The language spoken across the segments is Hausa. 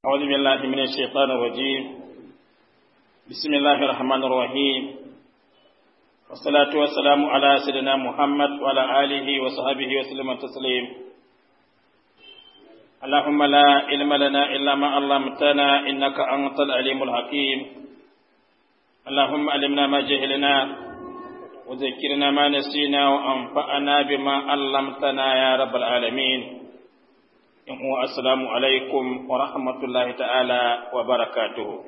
أعوذ بالله من الشيطان الرجيم بسم الله الرحمن الرحيم والصلاة والسلام على سيدنا محمد وعلى آله وصحبه وسلم تسليم اللهم لا علم لنا إلا ما علمتنا إنك أنت العليم الحكيم اللهم علمنا ما جهلنا وذكرنا ما نسينا وأنفعنا بما علمتنا يا رب العالمين uwa assalamu alaikum wa rahmatullahi ta'ala wa barakatuhu.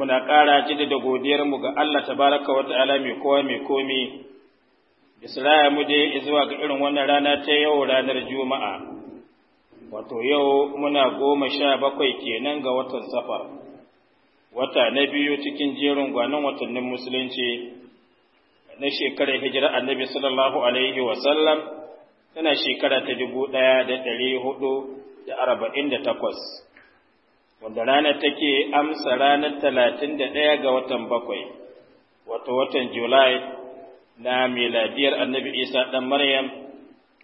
Muna ƙara jida da godiyarmu ga Allah tabaraka wa ta'ala mai kowa mai komi, bisraya mu je zuwa ga irin wannan rana ta yau ranar Juma'a, wato yau muna goma sha bakwai kenan ga watan safar, wata na biyu cikin jerin gwanon watannin Musulunci na shekarar hijira annabi sallallahu alaihi wa sallam. tana shekara ta dubu ɗaya da ɗari hudu da arba'in da takwas, wanda rana take amsa ranar talatin da ɗaya ga watan bakwai, wato watan Julai na miladiyar annabi Isa ɗan Maryam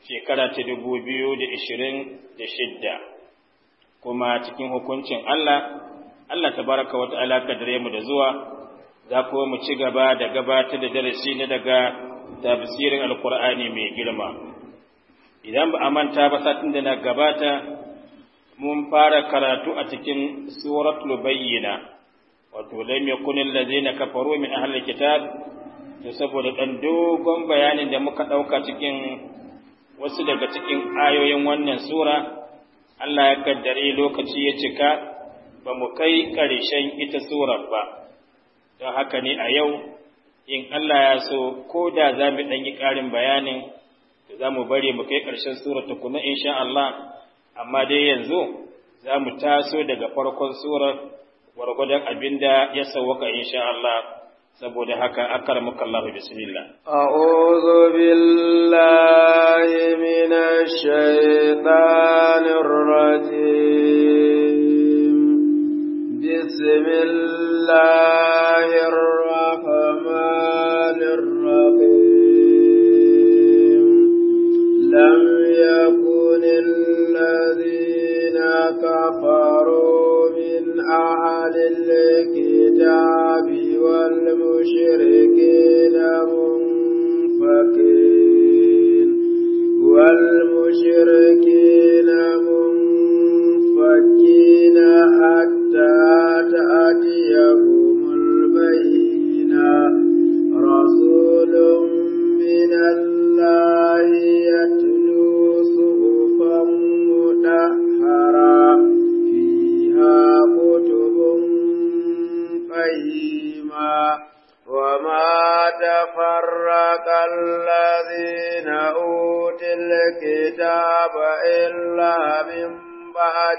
shekara ta dubu biyu da ishirin da shidda, kuma cikin hukuncin Allah, Allah ta baraka wata alaƙa dare mu da zuwa, za kuma mu ci gaba da gabatar da darasi na daga tafsirin Alƙur'ani mai girma. idan ba a manta ba satin da na gabata mun fara karatu a cikin suratul bayyina wato lam yakun allazina kafaru min ahli kitab to saboda dan dogon bayanin da muka dauka cikin wasu daga cikin ayoyin wannan sura Allah ya kaddare lokaci ya cika ba mu kai ƙarshen ita surar ba don haka ne a yau in Allah ya so ko da za mu ɗan yi ƙarin bayanin za mu bari mu kai ƙarshen surar kuma insha Allah amma dai yanzu za mu taso daga farkon surar gwargwadon abin da ya sauka insha Allah saboda haka akar Allah bismillah a'udhu billahi minash shaitanir rajim bismillah والمشركين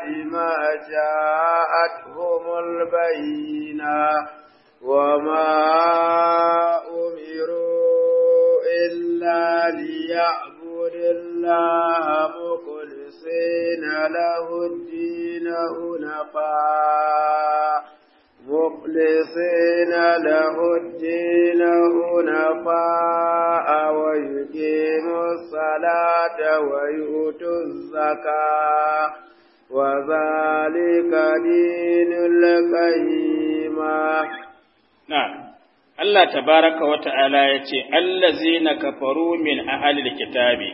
بعد ما جاءتهم البينة وما أمروا إلا ليعبدوا الله مخلصين له الدين هنفاء مخلصين له الدين هنفاء ويقيموا الصلاة ويؤتوا الزكاة وذلك دين القيمة نعم Allah tabaraka wa ta'ala ya ce, Allazi na kafaru min ahalil kitabi,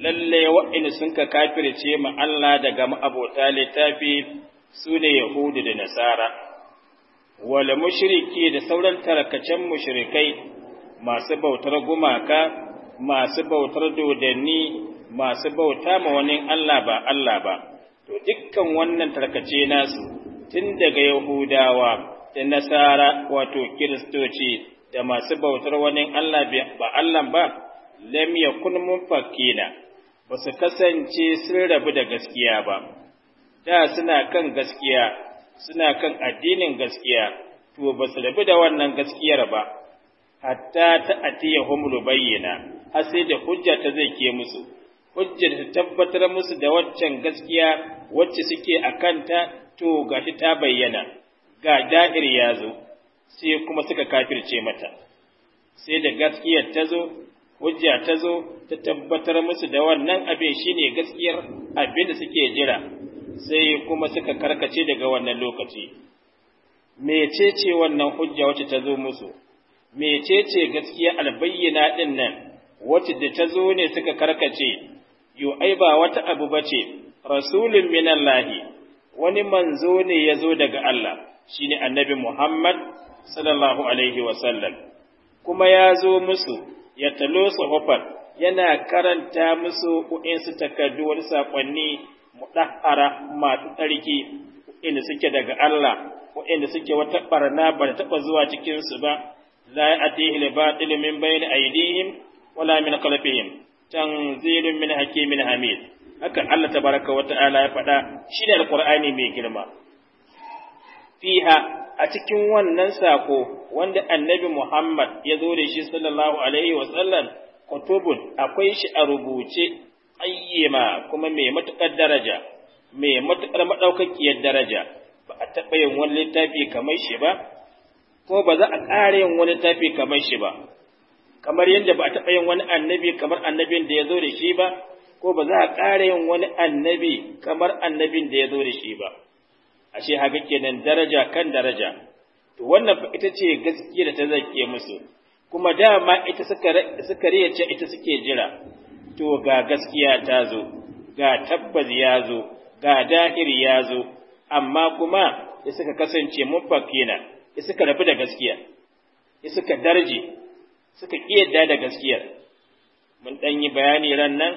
Lallai, wa'in sun ka kafirce ma Allah daga ma'abota littafi su ne Yahudu da Nasara, wale mushiriki da sauran tarkacen mushirikai masu bautar gumaka, masu bautar dodanni, masu bauta ma wani Allah ba Allah ba. to dukkan wannan tarkace nasu tun daga Yahudawa da Nasara wato Kiristoci da masu bautar wani Allah ba Allah ba lam yakun munfakina ba su kasance sun rabu da gaskiya ba da suna kan gaskiya suna kan addinin gaskiya to ba su rabu da wannan gaskiyar ba hatta ta atiyahum bayyana har sai da hujja ta zai ke musu hujjar ta tabbatar musu da waccan gaskiya wacce suke a kanta to gashi ta bayyana ga da'ir ya zo sai kuma suka kafirce mata sai da gaskiyar ta zo hujja ta zo ta tabbatar musu da wannan abin shine gaskiyar abin da suke jira sai kuma suka karkace daga wannan lokaci ce wannan hujja wacce ta zo musu ce gaskiya albayyana din nan wacce da ta zo ne suka karkace yo ai ba wata abu bace rasulun minallahi wani manzo ne yazo daga Allah shine annabi Muhammad sallallahu alaihi wasallam kuma ya zo musu ya talo sahufar yana karanta musu su takardu wani saƙonni mudahara masu tsarki inda suke daga Allah inda suke wata ɓarna ba ta taɓa zuwa su ba la atihi al-batil min bayni aydihim wala min khalfihim tanzilun min hakimin hamid haka Allah tabaraka wa ta'ala ya faɗa shi ne alqur'ani mai girma fiha a cikin wannan sako wanda annabi Muhammad ya zo da shi sallallahu alaihi wa sallam kutubun akwai shi a rubuce ayyema kuma mai matuƙar daraja mai matuƙar madaukakiyar daraja ba a taɓa yin wani littafi kamar shi ba, ko ba za a ƙara yin wani littafi kamar shi ba, kamar yadda ba a taɓa yin wani annabi kamar annabin da ya zo da shi ba ko ba za a ƙara yin wani annabi kamar annabin da ya zo da shi ba ashe haka kenan daraja kan daraja to wannan fa ita ce gaskiya da ta zake musu kuma dama ita suka suka ita suke jira to ga gaskiya ta zo ga tabbas ya zo ga dahir ya zo amma kuma ya suka kasance fakina, ya suka rabu da gaskiya ya suka darje suka yadda da gaskiyar mun ɗan yi bayani ran nan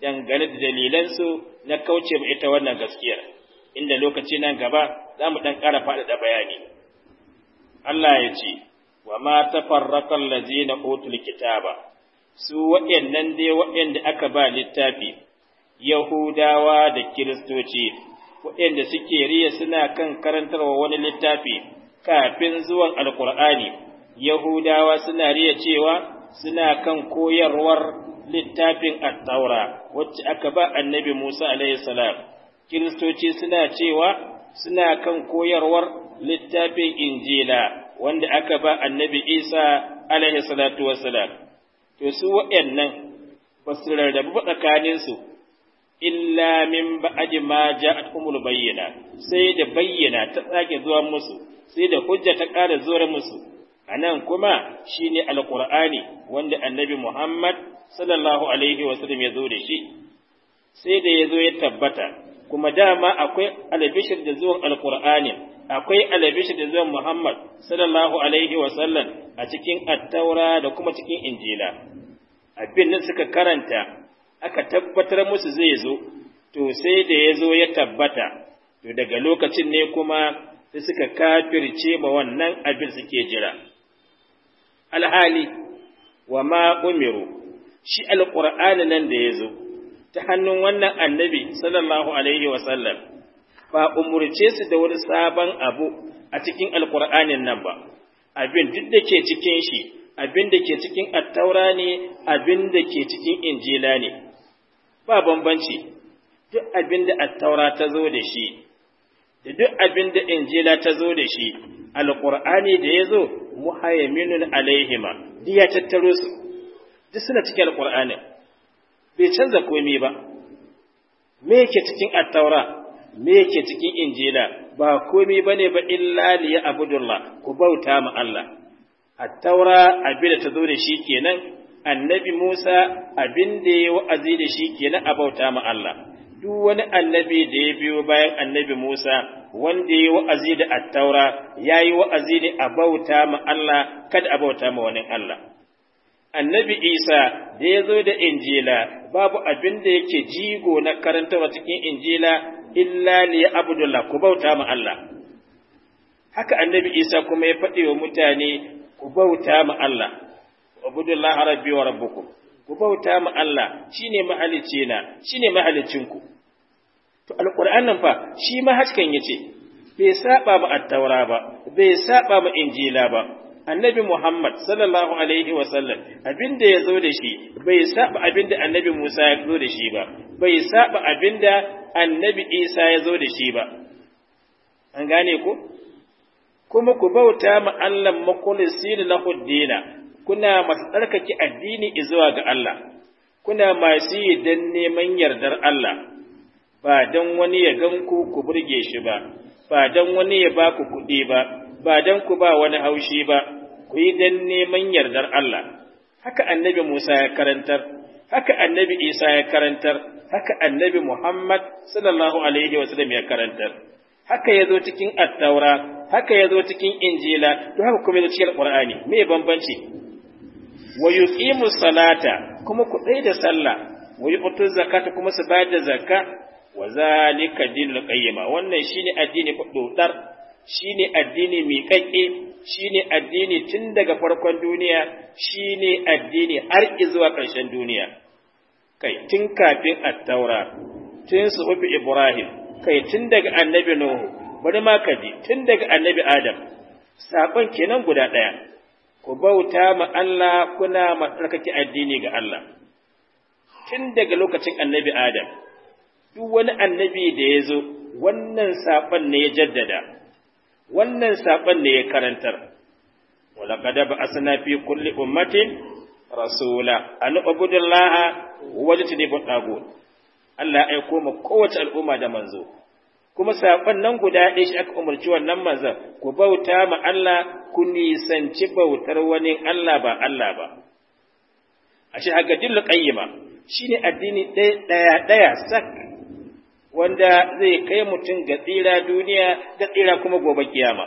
dangane da dalilansu na kauce ma ita wannan gaskiyar inda lokaci nan gaba za mu ɗan ƙara faɗaɗa bayani Allah ya ce wa ma tafarraqa allazina utul kitaba su waɗannan dai waɗanda aka ba littafi yahudawa da kiristoci waɗanda suke riya suna kan karantarwa wani littafi kafin zuwan alkur'ani Yahudawa suna riya cewa suna kan koyarwar littafin attaura wacce aka ba annabi Musa alaihi Kiristoci suna cewa suna kan koyarwar littafin Injila wanda aka ba annabi Isa alaihi salatu wassalam. To su waɗannan ba su rarrabu ba tsakaninsu illa min ba'di ma ja'at umul bayyana sai da bayyana ta tsake zuwa musu sai da hujja ta ƙara zuwa musu a nan kuma shine ne alƙur'ani wanda annabi Muhammad sallallahu alaihi wasallam ya da shi, sai da ya ya tabbata, kuma dama akwai albishir da zuwan alƙur'ani, akwai albishir da zuwan Muhammad sallallahu alaihi wasallam a cikin at-taura da kuma cikin injila. Abin nan suka karanta, aka tabbatar musu zai zo, to sai da ya zo ya tabbata, to daga lokacin ne kuma sai suka kafirce ba wannan abin suke jira. alhali wa ma umiru shi alqur'ani nan da ya zo ta hannun wannan annabi sallallahu alaihi wa sallam ba umurce su da wani sabon abu a cikin alqur'anin nan ba abin duk da ke cikin shi abin da ke cikin attaura ne abin da ke cikin injila ne ba bambanci duk abin da attaura ta zo da shi da duk abin da injila ta zo da shi alqur'ani da ya zo muhayminun alaihima duk ya tattaro su duk suna cikin alqur'ani bai canza komai ba me yake cikin at-taura me yake cikin injila ba komai bane ba illa li abudullah ku bauta ma Allah at-taura abin da ta zo da shi kenan annabi Musa abin da ya wa'azi da shi kenan a bauta ma Allah duk wani annabi da ya biyo bayan annabi Musa wanda ya yi wa'azi da attaura ya yi wa'azi ne a bauta ma Allah kada a bauta ma wani Allah. Annabi Isa da ya zo da Injila babu abin da yake jigo na karantar cikin Injila illa ne Abdullah ku bauta ma Allah. Haka annabi Isa kuma ya faɗi wa mutane ku bauta ma Allah, Abdullah rabbi wa rabbukum. ku bauta ma Allah shine mahalicce na shine mahalicin ku to nan fa shi ma hasken yace bai saba ba attaura taura ba bai saba ma injila ba annabi Muhammad sallallahu alaihi wa sallam, abinda ya zo da shi bai saba abinda annabi Musa ya zo da shi ba bai saba abinda annabi Isa ya zo da shi ba an gane ku. kuma ku bauta ma Allah makulisin lahuddina kuna masu tsarkake addini izuwa ga Allah kuna masu yi don neman yardar Allah ba don wani ya gan ku burge shi ba ba don wani ya ba ku kuɗi ba ba don ku ba wani haushi ba ku yi don neman yardar Allah haka annabi Musa ya karantar haka annabi Isa ya karantar haka annabi Muhammad sallallahu alaihi wasallam ya karantar haka ya zo cikin attaura haka ya zo cikin injila to haka kuma ya zo cikin Qur'ani, me bambanci wa yuqimu salata kuma ku da sallah wa yu'tu zakata kuma su bayar da zakka wa zalika dinul qayyima wannan shine addini dodar shine addini miƙaƙe shine addini tun daga farkon duniya shine addini har zuwa ƙarshen duniya kai tun kafin at-taura tun su ubi ibrahim kai tun daga annabi nuhu bari ma kaji tun daga annabi adam sakon kenan guda ɗaya ku bauta ma Allah kuna matsarkake addini ga Allah tun daga lokacin annabi Adam duk wani annabi da ya zo wannan saban ne ya jaddada wannan saban ne ya karantar wala qad ba'athna fi kulli ummatin rasula an ubudullaha tagut Allah ya aiko ma kowace al'umma da manzo kuma saƙon nan guda ɗaya shi aka umarci wannan manzan ku bauta ma Allah ku nisanci bautar wani Allah ba Allah ba a shi haka dillu ƙayyima shi addini ɗaya ɗaya sak wanda zai kai mutum ga tsira duniya da tsira kuma gobe kiyama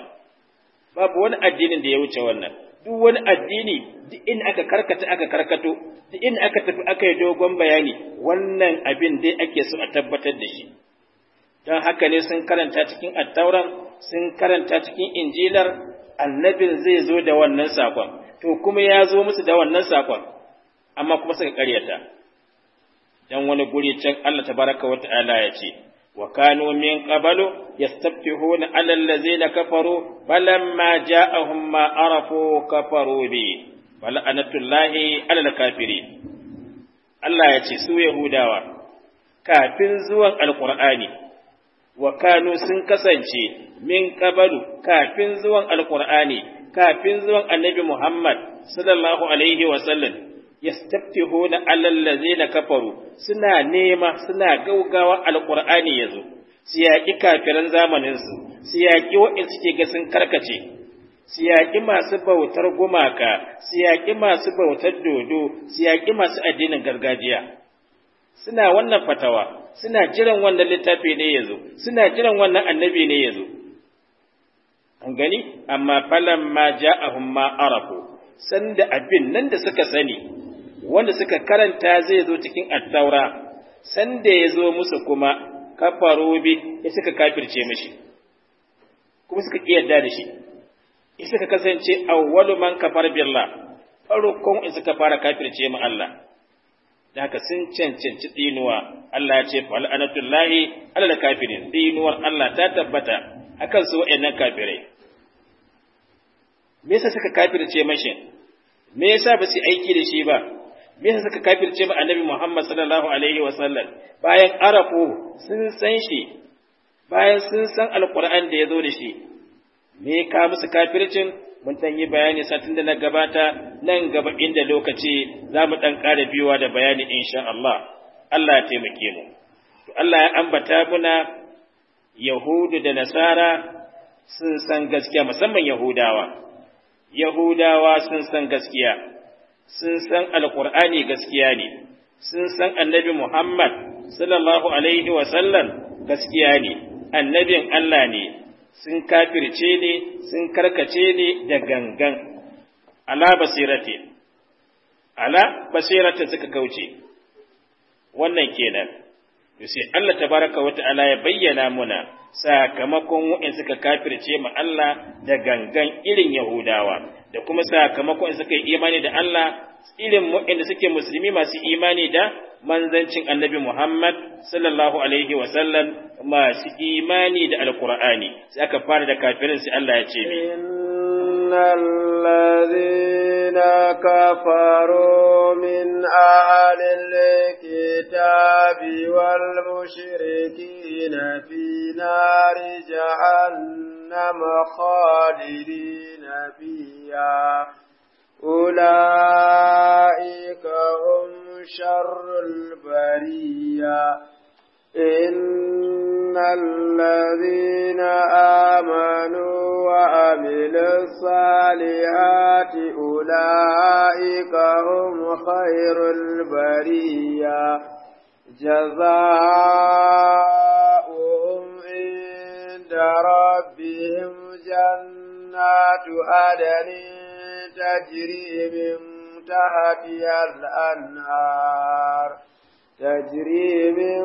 babu wani addinin da ya wuce wannan duk wani addini duk in aka karkata aka karkato duk in aka tafi aka yi dogon bayani wannan abin dai ake so a tabbatar da shi don haka ne sun karanta cikin attauran sun karanta cikin injilar annabin zai zo da wannan sakon to kuma ya zo musu da wannan sakon amma kuma suka karyata Don wani guri can Allah Ta baraka wa ta'ala ya ce wa kanu min qablu yastafihuna 'ala allazina kafaru falamma ja'ahum ma arafu kafaru bi fala'anatullahi 'ala al Allah ya ce su Yahudawa kafin zuwan Alƙur'ani wa kanu sun kasance min qabalu kafin zuwan alqur'ani kafin zuwan annabi Muhammad sallallahu alaihi wa sallam yastaftihuna alal ladzina kafaru suna nema suna gaugawa alqur'ani yazo su yaƙi kafiran zamanin su su yaƙi wa'in suke ga sun karkace su yaƙi masu bautar gumaka su yaƙi masu bautar dodo su yaƙi masu addinin gargajiya suna wannan fatawa suna jiran wannan littafi ne ya zo suna jiran wannan annabi ne ya zo an gani amma falan ma ja'ahum ma arafu sanda abin nan da suka sani wanda suka karanta zai zo cikin attaura sanda ya zo musu kuma kafaru bi ya suka kafirce mishi kuma suka kiyarda da shi ya suka kasance awwalu man kafar billah farkon in suka fara kafirce mu Allah da haka sun cancanci dinuwa Allah ya ce fal'anatullahi alal kafirin dinuwar Allah ta tabbata akan su wa'annan kafirai me yasa suka kafirce mashi me yasa ba su aiki da shi ba me yasa suka kafirce ba annabi Muhammad sallallahu alaihi wa sallam bayan arafu sun san shi bayan sun san alqur'an da ya zo da shi me ka musu kafircin mun ta yi bayani satin da na gabata nan gaba inda lokaci za mu ɗan ƙara biyuwa da bayani insha Allah, Allah ya taimake mu. Allah ya ambata muna Yahudu da Nasara sun san gaskiya musamman Yahudawa. Yahudawa sun san gaskiya, sun san Alƙur'ani gaskiya ne, sun san annabi Muhammad sallallahu alaihi wasallam gaskiya ne, annabin Allah ne, sun kafirce ne sun karkace ne da gangan ala basirati ala basirati suka kauce wannan kenan to sai Allah tabaraka wa ta'ala ya bayyana muna sakamakon wa'in suka kafirce mu Allah da gangan irin Yahudawa da kuma sakamakon in suka yi imani da Allah irin waɗanda suke musulmi masu imani da manzancin annabi Muhammad sallallahu alaihi wa sallam masu imani da alkur'ani sai aka fara da kafirin sai Allah ya ce mi innal kafaru min ahlil kitabi wal fi nari jahannam جهنم خالدين فيها أولئك هم شر البرية إن الذين آمنوا وعملوا الصالحات أولئك هم خير البرية جزاؤهم ربهم جنات عدن تجري من تحتها الأنهار تجري من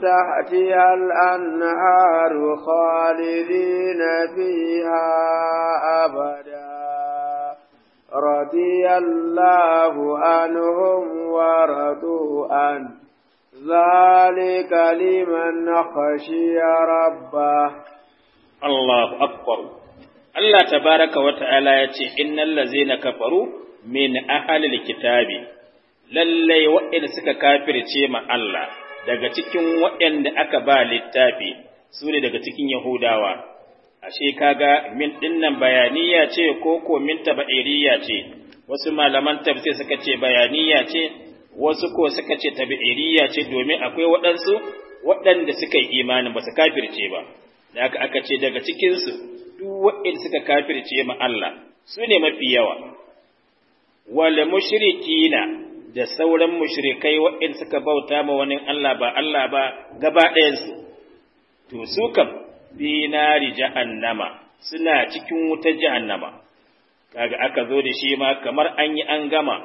تحتها الأنهار خالدين فيها أبدا رضي الله عنهم ورضوا عنه ذلك لمن خشي ربه الله أكبر Allah تبارك وتعالى ta'ala ya ce, Innan lazina kafaru kitabi, lallai waɗanda suka kafirce ma Allah daga cikin waɗanda aka ba littafi su daga cikin Yahudawa, ashe kaga min ɗinnan bayaniya ce ko ko min taba'iriya ce, wasu malaman tafsir suka ce bayaniya ce, wasu ko suka ce tabi'iriya ce domin akwai waɗansu waɗanda suka yi imanin ba su kafirce ba da aka aka ce daga cikinsu duk waɗanda suka kafirce ma Allah su ne mafi yawa wal mushrikina da sauran mushrikai waɗanda suka bauta ma wani Allah ba Allah ba gaba ɗayansu to su kam binari jahannama suna cikin wutar jahannama kaga aka zo da shi ma kamar an yi an gama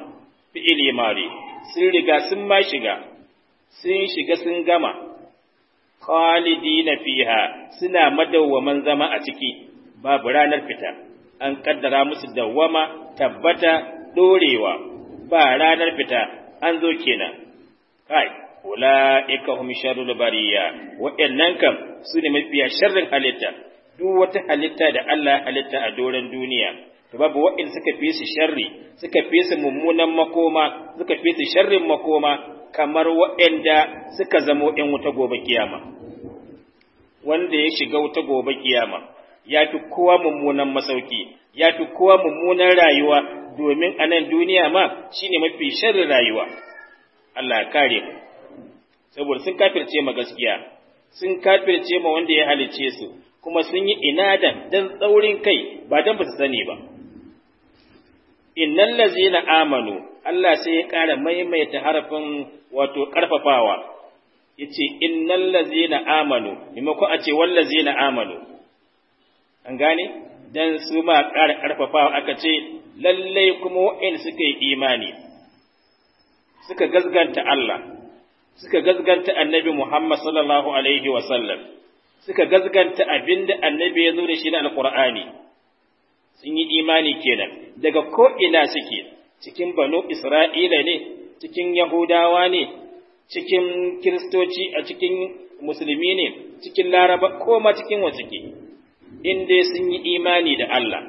fi'ili mari sun riga sun ma shiga sun shiga sun gama khalidina fiha suna madawwaman zama a ciki babu ranar fita an kaddara musu dawwama tabbata ɗorewa, ba ranar fita an zo kenan kai ulaika hum sharrul bariya wa'annan kam su ne mafiya sharrin halitta duk wata halitta da Allah halitta a doron duniya to babu wa'in suka fi su sharri suka fi su mummunan makoma suka fi su sharrin makoma kamar wa'inda suka zama ‘yan wuta gobe kiyama wanda ya shiga wuta gobe kiyama ya fi kowa mummunan masauki ya fi kowa mummunan rayuwa domin a nan duniya ma shine mafi sharrin rayuwa Allah ya kare mu saboda sun kafirce ma gaskiya sun kafirce ma wanda ya halice su kuma sun yi inadan dan tsaurin kai ba dan ba su sani ba innal ladzina amanu Allah sai ya ƙara maimaita harafin wato ƙarfafawa yace innal ladzina amanu maimakon a ce wal ladzina amanu an gane dan su ma ƙara ƙarfafawa aka ce lalle kuma wa'in suka yi imani suka gazganta Allah suka gazganta annabi Muhammad sallallahu alaihi wa sallam suka gazganta abinda annabi ya zo da shi na alqur'ani sun yi imani kenan daga ko ina suke cikin banu isra'ila ne cikin yahudawa ne cikin kiristoci a cikin musulmi ne cikin laraba ko ma cikin wasiki in dai sun yi imani da Allah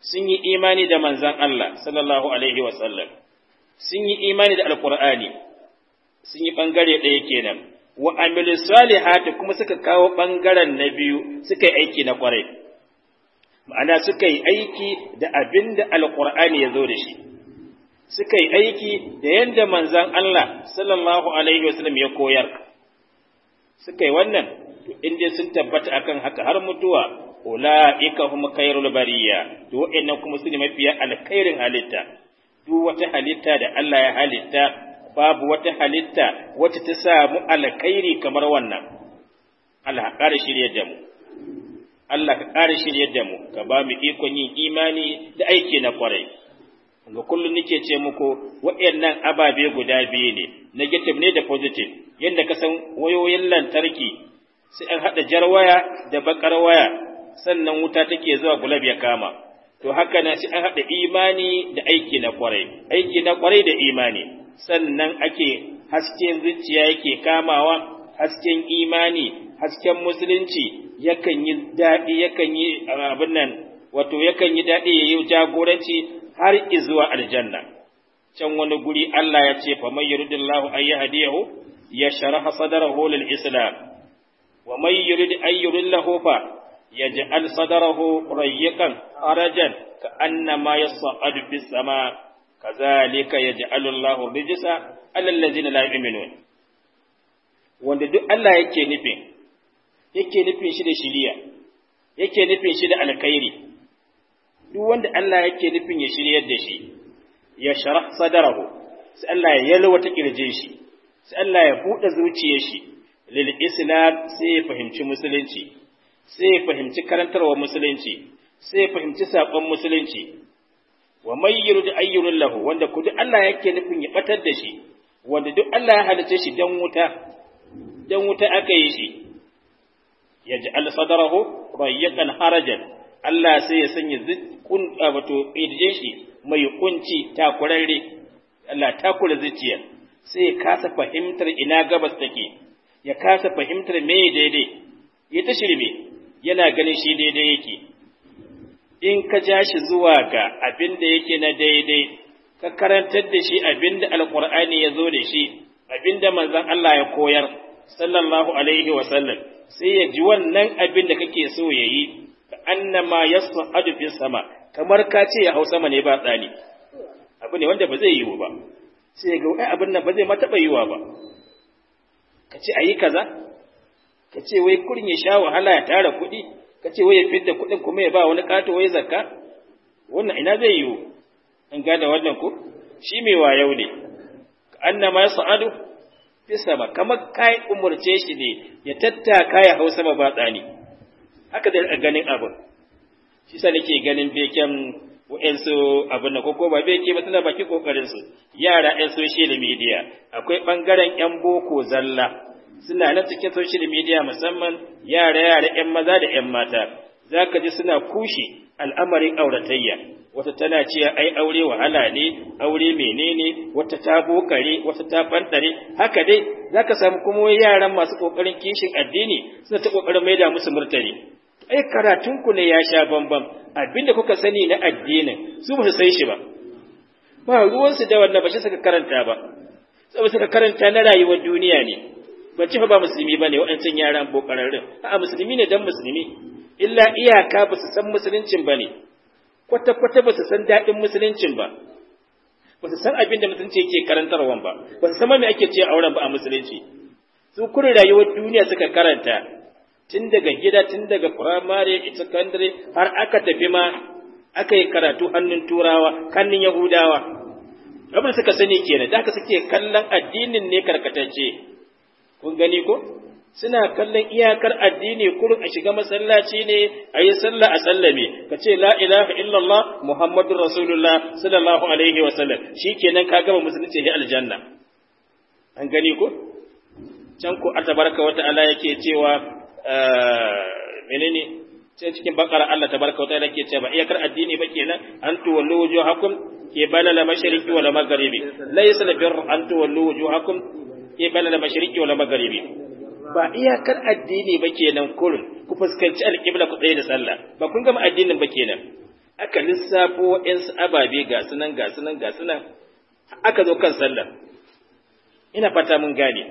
sun yi imani da manzan Allah sallallahu alaihi wasallam sun yi imani da alkur'ani sun yi ɓangare ɗaya kenan wa amilu salihati kuma suka kawo ɓangaren na biyu suka yi aiki na kwarai ma'ana suka yi aiki da abin da alƙur'ani ya zo da shi suka yi aiki da yadda manzan Allah sallallahu alaihi wasallam ya koyar suka yi wannan to dai sun tabbata akan haka har mutuwa ulaika hum khairul bariya to wa'annan kuma su ne mafiya alkhairin halitta duk wata halitta da Allah ya halitta babu wata halitta wacce ta samu alkhairi kamar wannan Allah ƙara shirye da mu Allah ka ƙara shiryar da mu ka ba mu ikon yin imani da aiki na kwarai ga kullum nake ce muku waɗannan ababe guda biyu ne negative ne da positive yadda ka san wayoyin lantarki sai an haɗa jar waya da bakar waya sannan wuta take zuwa gulab ya kama to haka na sai an haɗa imani da aiki na kwarai aiki na kwarai da imani sannan ake hasken zuciya yake kamawa hasken imani hasken musulunci yakan yi daɗi yakan yi abin nan wato yakan yi daɗi ya yi jagoranci har izuwa aljanna can wani guri Allah ya ce fa may yuridillahu ay ya yashrah sadrahu lil islam wa may yurid ay yurillahu fa yaj'al sadrahu rayyakan arajan ka annama yas'adu fis sama kazalika yaj'alu Allahu rijsa alal ladzina la yu'minun wanda duk Allah yake nufin yake nufin shi da shiriya yake nufin shi da alkhairi duk wanda Allah yake nufin ya shiryar da shi ya sharah sadarahu sai Allah ya ta kirjin shi sai Allah ya buɗe zuciyar shi lil islam sai ya fahimci musulunci sai ya fahimci karantarwa musulunci sai ya fahimci sabon musulunci wa may da ayyurun lahu wanda ku duk Allah yake nufin ya batar da shi wanda duk Allah ya halice shi dan wuta Idan wuta aka yi shi ya yaj'al sadrahu rayyan harajan Allah sai ya sanya zikun wato idjin shi mai kunci takurarre Allah takura zuciya sai ya kasa fahimtar ina gabas take ya kasa fahimtar me daidai ya ta shirme yana ganin shi daidai yake in ka ja shi zuwa ga abin da yake na daidai ka karantar da shi abin da alkur'ani ya zo da shi abin da manzon Allah ya koyar sallallahu alaihi wa sallam sai ya ji wannan abin da kake so ya yi ka annama yas'adu fis sama kamar ka ce ya hau sama ne ba tsani abu ne wanda ba zai yiwu ba sai ga wai abin nan ba zai ma taba yiwa ba ka ce ayi kaza ka ce wai kurin ya sha wahala ya tara kuɗi ka ce wai ya fitta kuɗin kuma ya ba wani kato wai zakka wannan ina zai yiwu in gane wannan ku shi mai wayau ne annama adu. sama kamar kai umurce shi ne ya tattaka ya hau sama ba tsani haka da ganin abin shi sa nake ganin beken wa'ansu abin da koko ba beke ba suna baki kokarin su yara yan social media akwai bangaren yan boko zalla suna na cikin social media musamman yara yara yan maza da yan mata za ka ji suna kushe al'amarin auratayya wata tana cewa ai aure wahala ne aure menene wata ta bokare wata ta fantare haka dai za ka samu kuma yaran masu ƙoƙarin kishin addini suna ta mai da musu murtari ai karatunku ne ya sha bambam abinda kuka sani na addinin su ba su sai shi ba ba ruwansu da wannan ba shi suka karanta ba saboda suka karanta na rayuwar duniya ne ban ci ba musulmi ba ne waɗancan yaran bokararrun a'a musulmi ne dan musulmi illa iyaka ba su san musuluncin ba ne kwata-kwata ba su san daɗin musuluncin ba ba su san abin da musulunci yake karantarwan ba ba su san me ake ce auren ba a musulunci su kuri rayuwar duniya suka karanta tun daga gida tun daga firamare sakandare har aka tafi ma aka yi karatu hannun turawa kannin yahudawa abin suka sani kenan da aka suke kallon addinin ne karkatacce kun gani ko suna kallon iyakar addini kurin a shiga masallaci ne a yi sallah a sallame ka ce la ilaha illallah muhammadur rasulullah sallallahu alaihi wa sallam kenan ka gama musulunci ne aljanna an gani ko can ku a tabarka wata ala yake cewa ah, menene can cikin bakara Allah tabaraka wata ta'ala ke cewa iyakar addini ba kenan an tuwallu wujuhakum qibala al-mashriqi wal maghribi laysa al-birr an tuwallu ke qibala al-mashriqi wal maghribi ba iyakar addini ba kenan kurin ku fuskanci alƙibla ku tsaye da sallah ba kun gama addinin ba kenan aka lissafo waɗansu ababe ga sunan ga sunan ga sunan aka zo kan sallah ina fata mun gane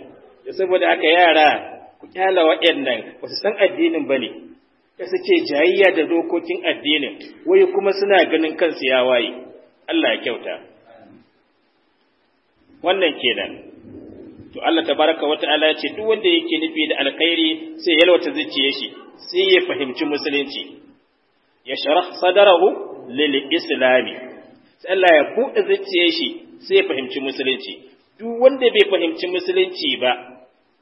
da saboda aka yara ku kyala waɗannan ba su san addinin ba ne ya suke jayayya da dokokin addinin wai kuma suna ganin kansu ya waye Allah ya kyauta wannan kenan to Allah tabaraka wa ta'ala ya ce duk wanda yake nufi da alkhairi sai yalwata zuciyar shi sai ya fahimci musulunci ya sharah sadarahu lil islami sai Allah ya buɗe zuciyar shi sai ya fahimci musulunci duk wanda bai fahimci musulunci ba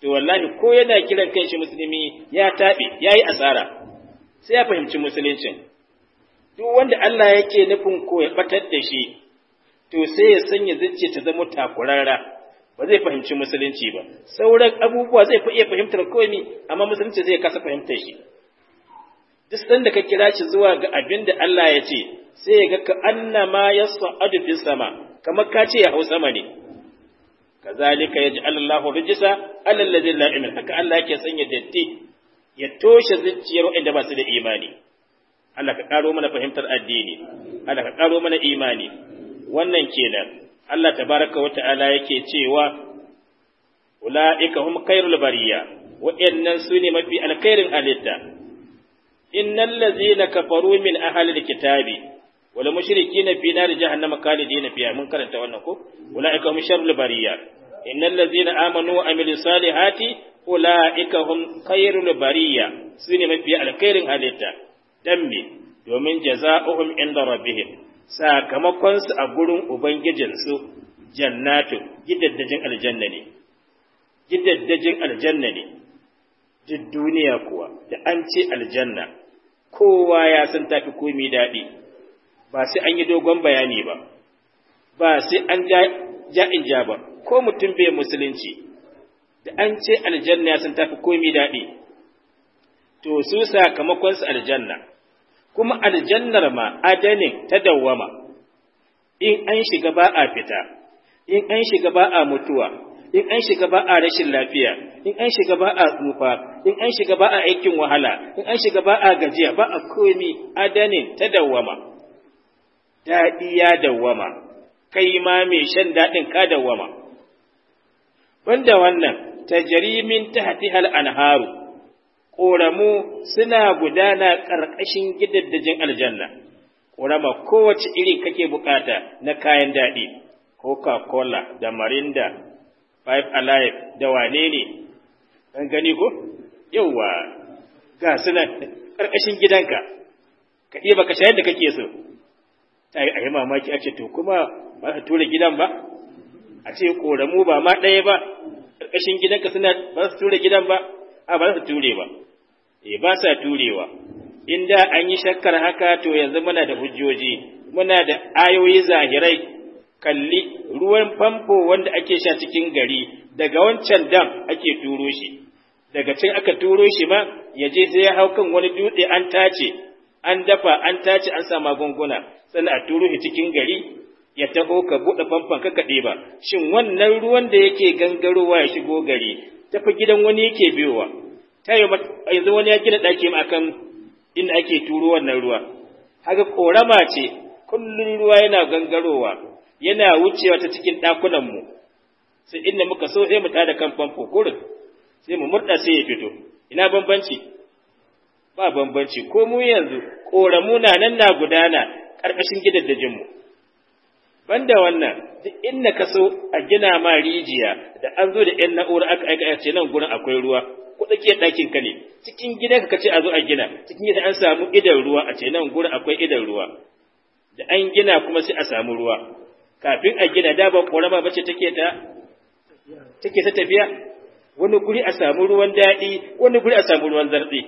to wallahi ko yana kiran kanshi musulmi ya taɓe yayi asara sai ya fahimci musuluncin duk wanda Allah yake nufin ko ya batar da shi to sai ya sanya zuciya ta zama takurarra ba zai fahimci musulunci ba sauran abubuwa zai fi iya fahimtar komai amma musulunci zai kasa fahimtar shi duk sanda ka kira shi zuwa ga abin da Allah ya ce sai ya ga ka annama yas'adu fis sama kamar ka ce ya hau sama ne kazalika yaj'al Allahu rijsa alal ladina la yu'minu haka Allah yake sanya datti ya toshe zuciyar waɗanda ba su da imani Allah ka karo mana fahimtar addini Allah ka karo mana imani wannan kenan Allah tabaraka wa ta'ala yake cewa ula'ika hum khairul bariya wa'annan su ne mafi alkhairin halitta innal ladzina kafaru min ahli alkitabi wal mushrikina fi nar jahannam khalidina fiha mun karanta wannan ko ula'ika hum sharrul bariya innal ladzina amanu wa amilu salihati ula'ika hum khairul bariya su ne mafi alkhairin halitta dan me domin jaza'uhum inda rabbihim sakamakonsu a gurin ubangijinsu jannatu gidaddajin aljanna ne gidaddajin aljanna ne duk duniya kuwa da an ce aljanna kowa ya san tafi komi daɗi ba sai an yi dogon bayani ba ba sai an ga ja'in ja ba ko mutum bai musulunci da an ce aljanna ya san tafi komi daɗi to su sakamakonsu aljanna kuma aljannar ma adanin ta dawwama in an shiga ba a fita in an shiga ba a mutuwa in an shiga ba a rashin lafiya, in an shiga ba a tsufa, in an shiga ba a aikin wahala, in an shiga ba a gajiya, ba a komi adanin ta dawwama. Daɗi ya dawwama, kai ma mai shan daɗin ka dawwama. Banda wannan, tajrimin jarimin hatihal anharu, ƙoramu suna gudana ƙarƙashin gidaddajin aljanna ƙorama kowace iri kake bukata na kayan daɗi coca-cola da marinda five alive da wane ne an gani ko yauwa ga suna ƙarƙashin gidanka ka iya ka shayar da kake so Ta a yi mamaki a ce to kuma ba ka tura gidan ba a ce ƙoramu ba ma ɗaya ba ƙarƙashin gidanka suna ba su tura gidan ba a ba su ture ba E, ba sa turewa in da an yi shakkar haka to yanzu muna da hujjoji muna da ayoyi zahirai kalli ruwan famfo wanda ake sha cikin gari daga wancan dam ake turo shi daga can aka turo shi ma ya je sai ya hau kan wani dutse an tace an dafa an tace an sa magunguna sannan a turo shi cikin gari ya taho ka buɗe famfon ka kaɗe ba shin wannan ruwan da yake gangarowa ya shigo gari tafi gidan wani yake biyowa ta yi yanzu wani ya gina mu akan inda ake turo wannan ruwa haka korama ce kullun ruwa yana gangarowa yana wucewa ta cikin ɗakunan mu sai inda muka so sai mu tada kan famfo kurin sai mu murɗa sai ya fito ina bambanci ba bambanci ko mu yanzu koramu na nan na gudana ƙarƙashin gidajen mu banda wannan duk inda ka so a gina ma rijiya da an zo da 'yan na'ura aka aika ce nan gurin akwai ruwa ko tsakiyar ɗakin ka ne cikin gidanka ka ce a zo a gina cikin gida an samu idan ruwa a ce nan gurin akwai idan ruwa da an gina kuma sai a samu ruwa kafin a gina da ba ƙorama ba ce take ta take ta tafiya wani guri a samu ruwan daɗi wani guri a samu ruwan zartsi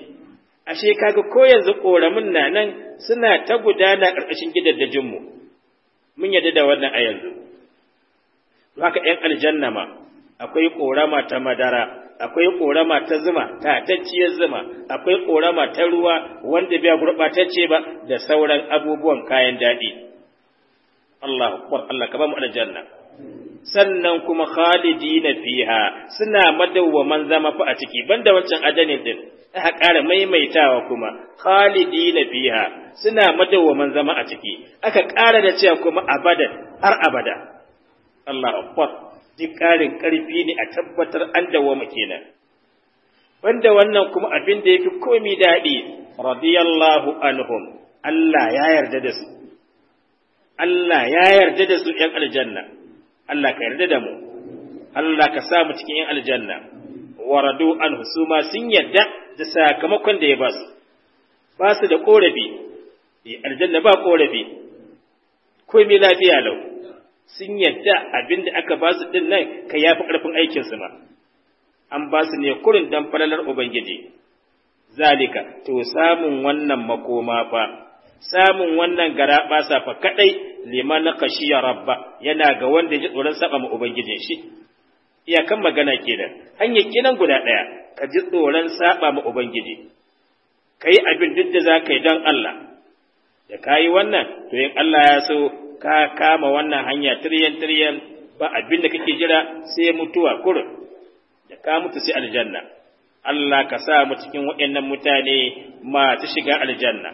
ashe kaga ko yanzu ƙoramin na nan suna ta gudana ƙarƙashin mu mun yadda da wannan a yanzu haka ‘yan aljanna ma akwai ƙorama ta madara akwai ƙorama ta zuma tatacciyar zuma akwai ƙorama ta ruwa wanda bai gurɓatacce ba da sauran abubuwan kayan daɗi Allah Allah ka ba mu aljanna sannan kuma khalidina fiha suna madawwaman zama fa a ciki banda wancan adanin din aka ƙara maimaitawa kuma khalidina fiha suna madawwaman zama a ciki aka ƙara da cewa kuma abadan har abada Allah akbar duk ƙarin ƙarfi ne a tabbatar an dawoma kenan banda wannan kuma abin da yafi komai daɗi radiyallahu anhum Allah ya yarda da su Allah ya yarda da su ‘yan aljanna, Allah ka yarda da mu, Allah ka sa mu cikin ‘yan aljanna, waradu anhu su ma sun yarda da sakamakon da ya ba su, ba su da ƙorafi, aljanna ba ƙorafi, komai lafiya lau, sun yadda abin da aka ba su ɗin nan ka yafi ƙarfin aikinsu ma, an ba su ne kurin don falalar Ubangiji, zalika, to samun wannan makoma fa, samun wannan gara sa fa kaɗai liman na kashiya rabba yana ga wanda ya ji tsoron saba ma Ubangijin shi. Iyakan magana kenan, hanyar kenan guda ɗaya, ka ji tsoron saɓa ma Ubangiji, ka yi abin duk da za ka yi don Allah, da ka yi wannan, to yin Allah ya so ka kama wannan hanya tiriyan tiriyan ba abin da kake jira sai mutuwa kurin da ka mutu sai aljanna Allah ka sa mu cikin waɗannan mutane masu shiga aljanna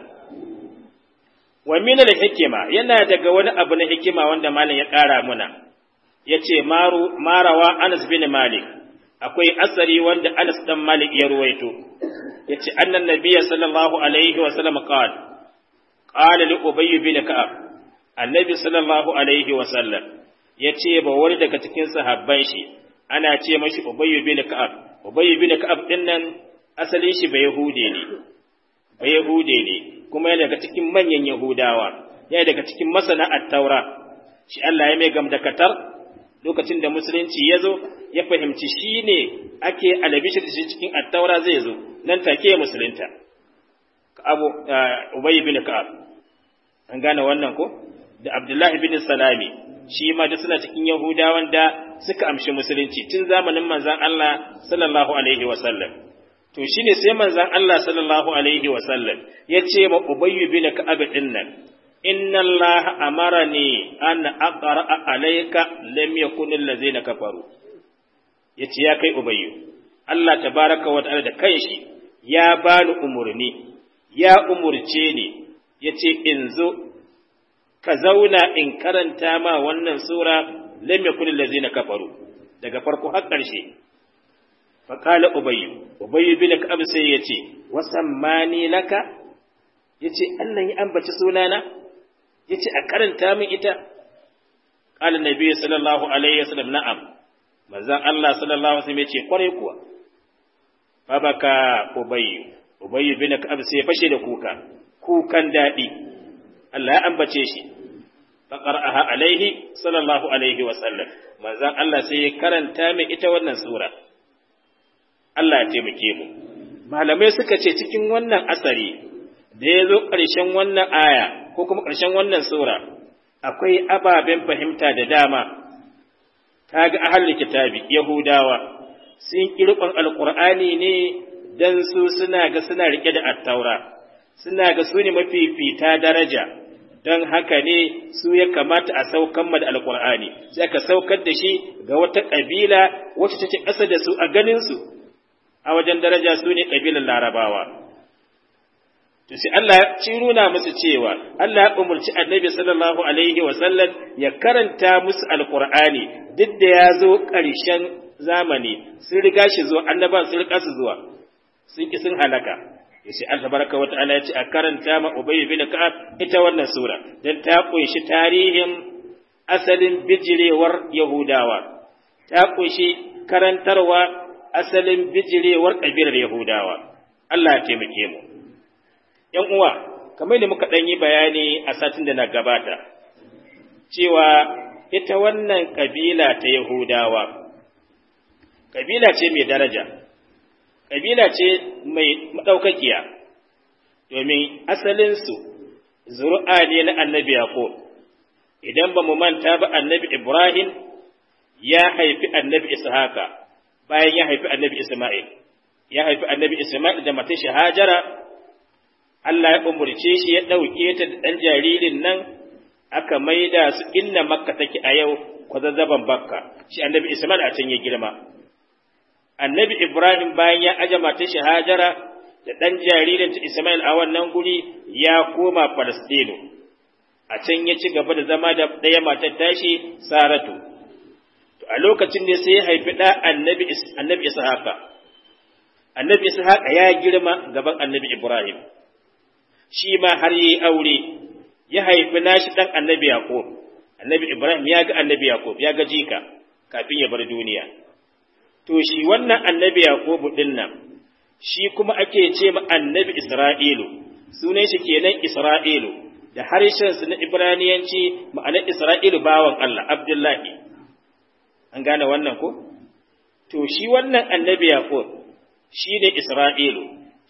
wa min al yana daga wani abu na hikima wanda malam ya ƙara muna yace maru marawa Anas bin Malik akwai asari wanda Anas dan Malik ya ruwaito yace annan nabiyyi sallallahu alaihi wa sallam qala qala li ubayy bin Ka'ab annabi sallallahu alaihi wasallam ya ce ba wani daga cikin sahabban shi ana ce mashi ubayyu bin ka'ab ubayyu bin ka'ab din nan asalin shi ba yahude ne ba yahude ne kuma yana daga cikin manyan yahudawa yana daga cikin masana at-taura shi Allah ya mai gamdakatar lokacin da musulunci ya zo ya fahimci shi ne ake da shi cikin at-taura zai zo nan take musulunta abu eh, ubayy bin ka'ab an gane wannan ko da Abdullahi bin Salami shi ma da suna cikin Yahudawan da suka amshi musulunci tun zamanin manzon Allah sallallahu alaihi wa sallam to shine sai manzon Allah sallallahu alaihi wa ya ce ma Ubayy bin Ka'ab din nan inna Allah amarani an aqra alayka lam yakun allazina kafaru yace ya kai Ubayy Allah tabaraka wa ta'ala da kanshi ya bani umurni ya umurce ni yace in zo ka zauna in karanta ma wannan sura lam yakun na kafaru daga farko har ƙarshe fa qala ubayy ubayy bin ka'ab sai yace wasammani laka yace Allah ya ambaci sunana yace a karanta min ita qala nabi sallallahu alaihi wasallam na'am manzon Allah sallallahu alaihi wasallam yace kwarai kuwa babaka ubayy ubayy bin ka'ab sai fashe da kuka kukan dadi Allah ya ambace shi faqara'aha alaihi sallallahu alaihi wa sallam manzon Allah sai ya karanta mai ita wannan sura Allah ya taimake mu malamai suka ce cikin wannan asari da ya zo ƙarshen wannan aya ko kuma ƙarshen wannan sura akwai ababen fahimta da dama kaga ahal kitabi yahudawa sun kirɓan alƙur'ani ne dan su suna ga suna riƙe da attaura suna ga su ne mafifita daraja don haka ne su ya kamata a saukan da alkur'ani sai aka saukar da shi ga wata ƙabila wacce take ƙasa da su a ganinsu a wajen daraja su ne ƙabilar larabawa to sai Allah ya ciruna musu cewa Allah ya umurci annabi sallallahu alaihi wa sallam ya karanta musu alkur'ani duk da ya zo ƙarshen zamani sun riga shi zuwa annaban sun riga su zuwa sun ki sun halaka yace Allah baraka wa ta'ala yace a karanta ma Ubay bin Ka'ab ita wannan sura dan ta kunshi tarihin asalin bijirewar Yahudawa ta kunshi karantarwa asalin bijirewar kabilar Yahudawa Allah ya taimake mu ƴan uwa kamar da muka dan yi bayani a satin da na gabata cewa ita wannan kabila ta Yahudawa kabila ce mai daraja kabila ce mai maɗaukakiya domin asalinsu zuru'a ne na annabi Yaƙo. idan ba mu manta ba annabi ibrahim ya haifi annabi ishaqa bayan ya haifi annabi isma'il ya haifi annabi isma'il da matan shi hajara Allah ya umurce shi ya ɗauke ta da ɗan jaririn nan aka maida su inna makka take a yau kwazazzaban bakka shi annabi isma'il a can ya girma annabi Ibrahim bayan ya ajama ta shahajara da ɗan ta Ismail a wannan guri ya koma Falastinu, a can ya ci gaba da zama da ɗaya matar tashi Saratu. To a lokacin ne sai ya haifi ɗa annabi Ishaqa. Annabi Ishaqa ya girma gaban annabi Ibrahim, shi ma har yi aure, ya haifi nashi ɗan annabi Yaƙub. Annabi Ibrahim ya ga annabi Yaƙub, ya ga jika kafin ya bar duniya. to shi wannan annabi Yakubu din nan shi kuma ake ce ma annabi Isra'ilu sunan shi kenan Isra'ilu da harshen su na Ibraniyanci ma'anar Isra'ilu bawan Allah Abdullahi an gane wannan ko to shi wannan annabi Yakub shi ne Isra'ilu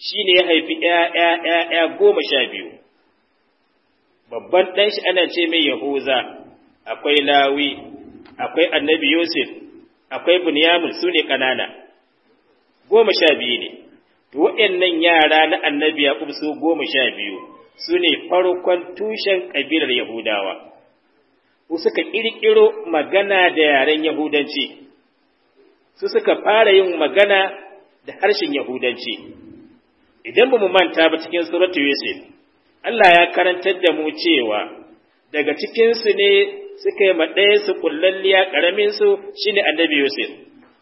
shi ne ya haifi ‘ya'ya ‘ya'ya goma sha biyu babban ɗanshi ana ce mai Yahuza akwai Lawi akwai annabi Yusuf akwai bunyamin su ne ƙanana goma sha biyu ne to waɗannan yara na annabi yaƙub su goma sha biyu su ne farkon tushen ƙabilar yahudawa su suka ƙirƙiro magana da yaren yahudanci su suka fara yin magana da harshen yahudanci idan ba mu manta ba cikin suratu yusuf Allah ya karantar da mu cewa daga cikinsu ne suka yi maɗaya su kullalliya ƙaramin su shine annabi Yusuf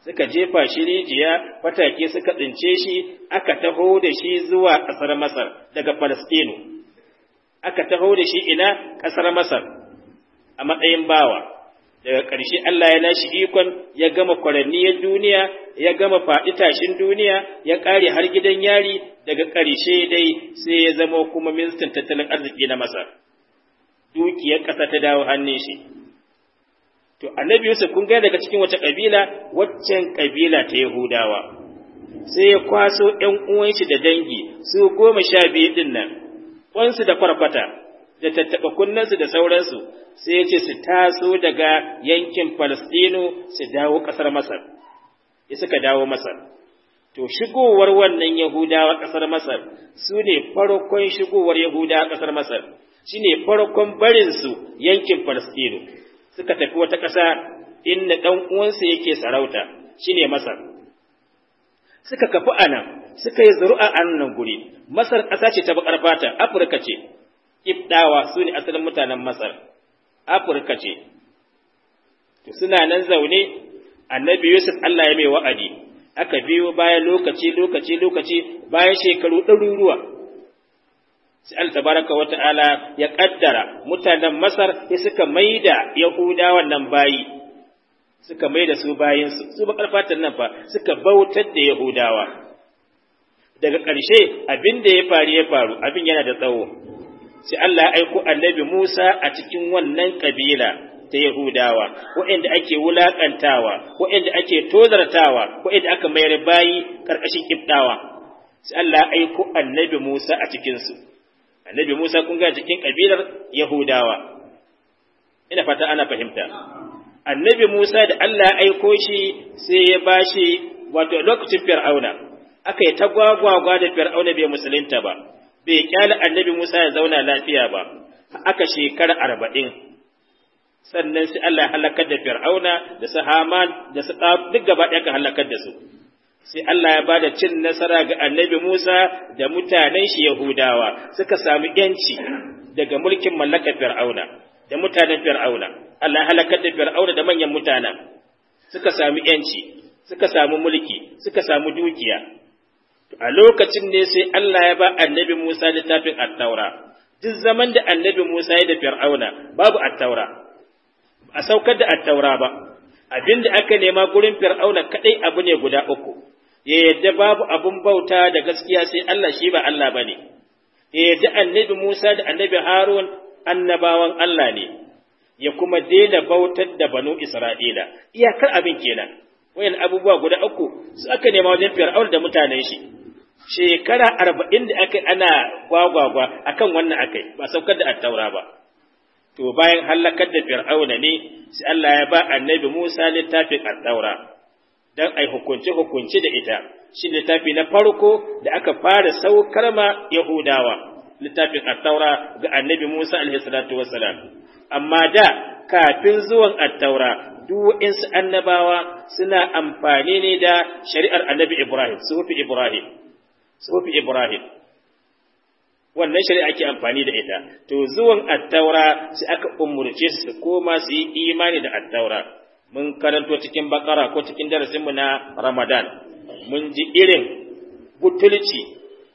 suka jefa shi rijiya fatake suka tsince shi aka taho da shi zuwa ƙasar Masar daga Falastinu aka taho da shi ina ƙasar Masar a matsayin bawa daga ƙarshe Allah ya lashi ikon ya gama kwaranniyar duniya ya gama faɗi tashin duniya ya ƙare har gidan yari daga ƙarshe dai sai ya zama kuma ministan tattalin arziki na Masar. dukiyar ƙasa ta dawo hannun shi to annabi yusuf kun gaya daga cikin wace ƙabila waccan ƙabila ta yahudawa sai ya kwaso 'yan uwanshi da dangi su goma sha biyu ɗin nan kwansu da kwarkwata da tattaɓa kunnensu da sauransu sai ya ce su taso daga yankin Falastinu su dawo ƙasar Masar, ya suka dawo Masar. To, shigowar wannan Yahudawa ƙasar Masar su ne farkon shigowar Yahudawa ƙasar Masar, shine farkon barinsu yankin Falastinu, suka tafi wata ƙasa inda ɗan uwansa yake sarauta, shine Masar. Suka kafi a nan, suka yi zuru'a a nan guri, Masar ƙasa ce ta baƙar fata, Afirka ce, Ibɗawa su ne asalin mutanen Masar, Afirka ce. To suna nan zaune, annabi Yusuf Allah ya mai wa'adi, aka biyo bayan lokaci, lokaci, lokaci, bayan shekaru ɗaruruwa. sai Allah tabaraka wa ta'ala ya ƙaddara mutanen Masar sai suka maida Yahudawan nan bayi suka maida su bayin su su fatan nan fa suka bautar da Yahudawa daga ƙarshe abin da ya faru ya faru abin yana da tsawo sai Allah ya aiko Annabi Musa a cikin wannan kabila ta Yahudawa waɗanda ake wulakantawa waɗanda ake tozartawa waɗanda aka mayar bayi ƙarƙashin kiftawa sai Allah ya aiko Annabi Musa a cikinsu annabi Musa kun ga cikin kabilar Yahudawa ina fata ana fahimta annabi Musa da Allah ya aiko shi sai ya bashi wato lokacin Fir'auna aka yi tagwagwagwa da Fir'auna bai musulunta ba bai kyale annabi Musa ya zauna lafiya ba aka shekara arba'in sannan sai Allah ya halakar da Fir'auna da su da su duk gaba ɗaya ka halakar da su sai Allah ya ba da cin nasara ga annabi Musa da mutanen shi Yahudawa suka samu ‘yanci daga mulkin mallakar Fir'auna da mutanen Fir'auna, Allah halakar da Fir'auna da manyan mutanen suka samu ‘yanci, suka samu mulki, suka samu dukiya. A lokacin ne sai Allah ya ba annabi Musa littafin attaura, duk zaman da annabi Musa ya da Fir'auna babu attaura, a saukar da attaura ba, abinda aka nema gurin Fir'auna kaɗai abu ne guda uku. ya yadda babu abin bauta da gaskiya sai Allah shi ba Allah ba ne, ya yadda annabi Musa da annabi Harun annabawan Allah ne, ya kuma daina bautar da banu Isra'ila, iyakar abin kenan, wayan abubuwa guda uku su aka nema wajen fir'aun da mutane shi. Shekara arba'in da aka ana gwagwagwa akan wannan aka yi ba saukar da attaura ba. to bayan halakar da fir'auna ne sai Allah ya ba annabi Musa littafin al-daura dan ai hukunce hukunce da ita shi littafi na farko da aka fara saukar ma yahudawa littafin at-taura ga annabi Musa alaihi salatu wassalam amma da kafin zuwan at-taura duk insu annabawa suna amfani ne da shari'ar annabi Ibrahim sufi Ibrahim sufi Ibrahim wannan shari'a ake amfani da ita to zuwan at-taura sai aka umurce su koma su yi imani da at-taura mun karanto cikin bakara ko cikin darasinmu na Ramadan mun ji irin butulci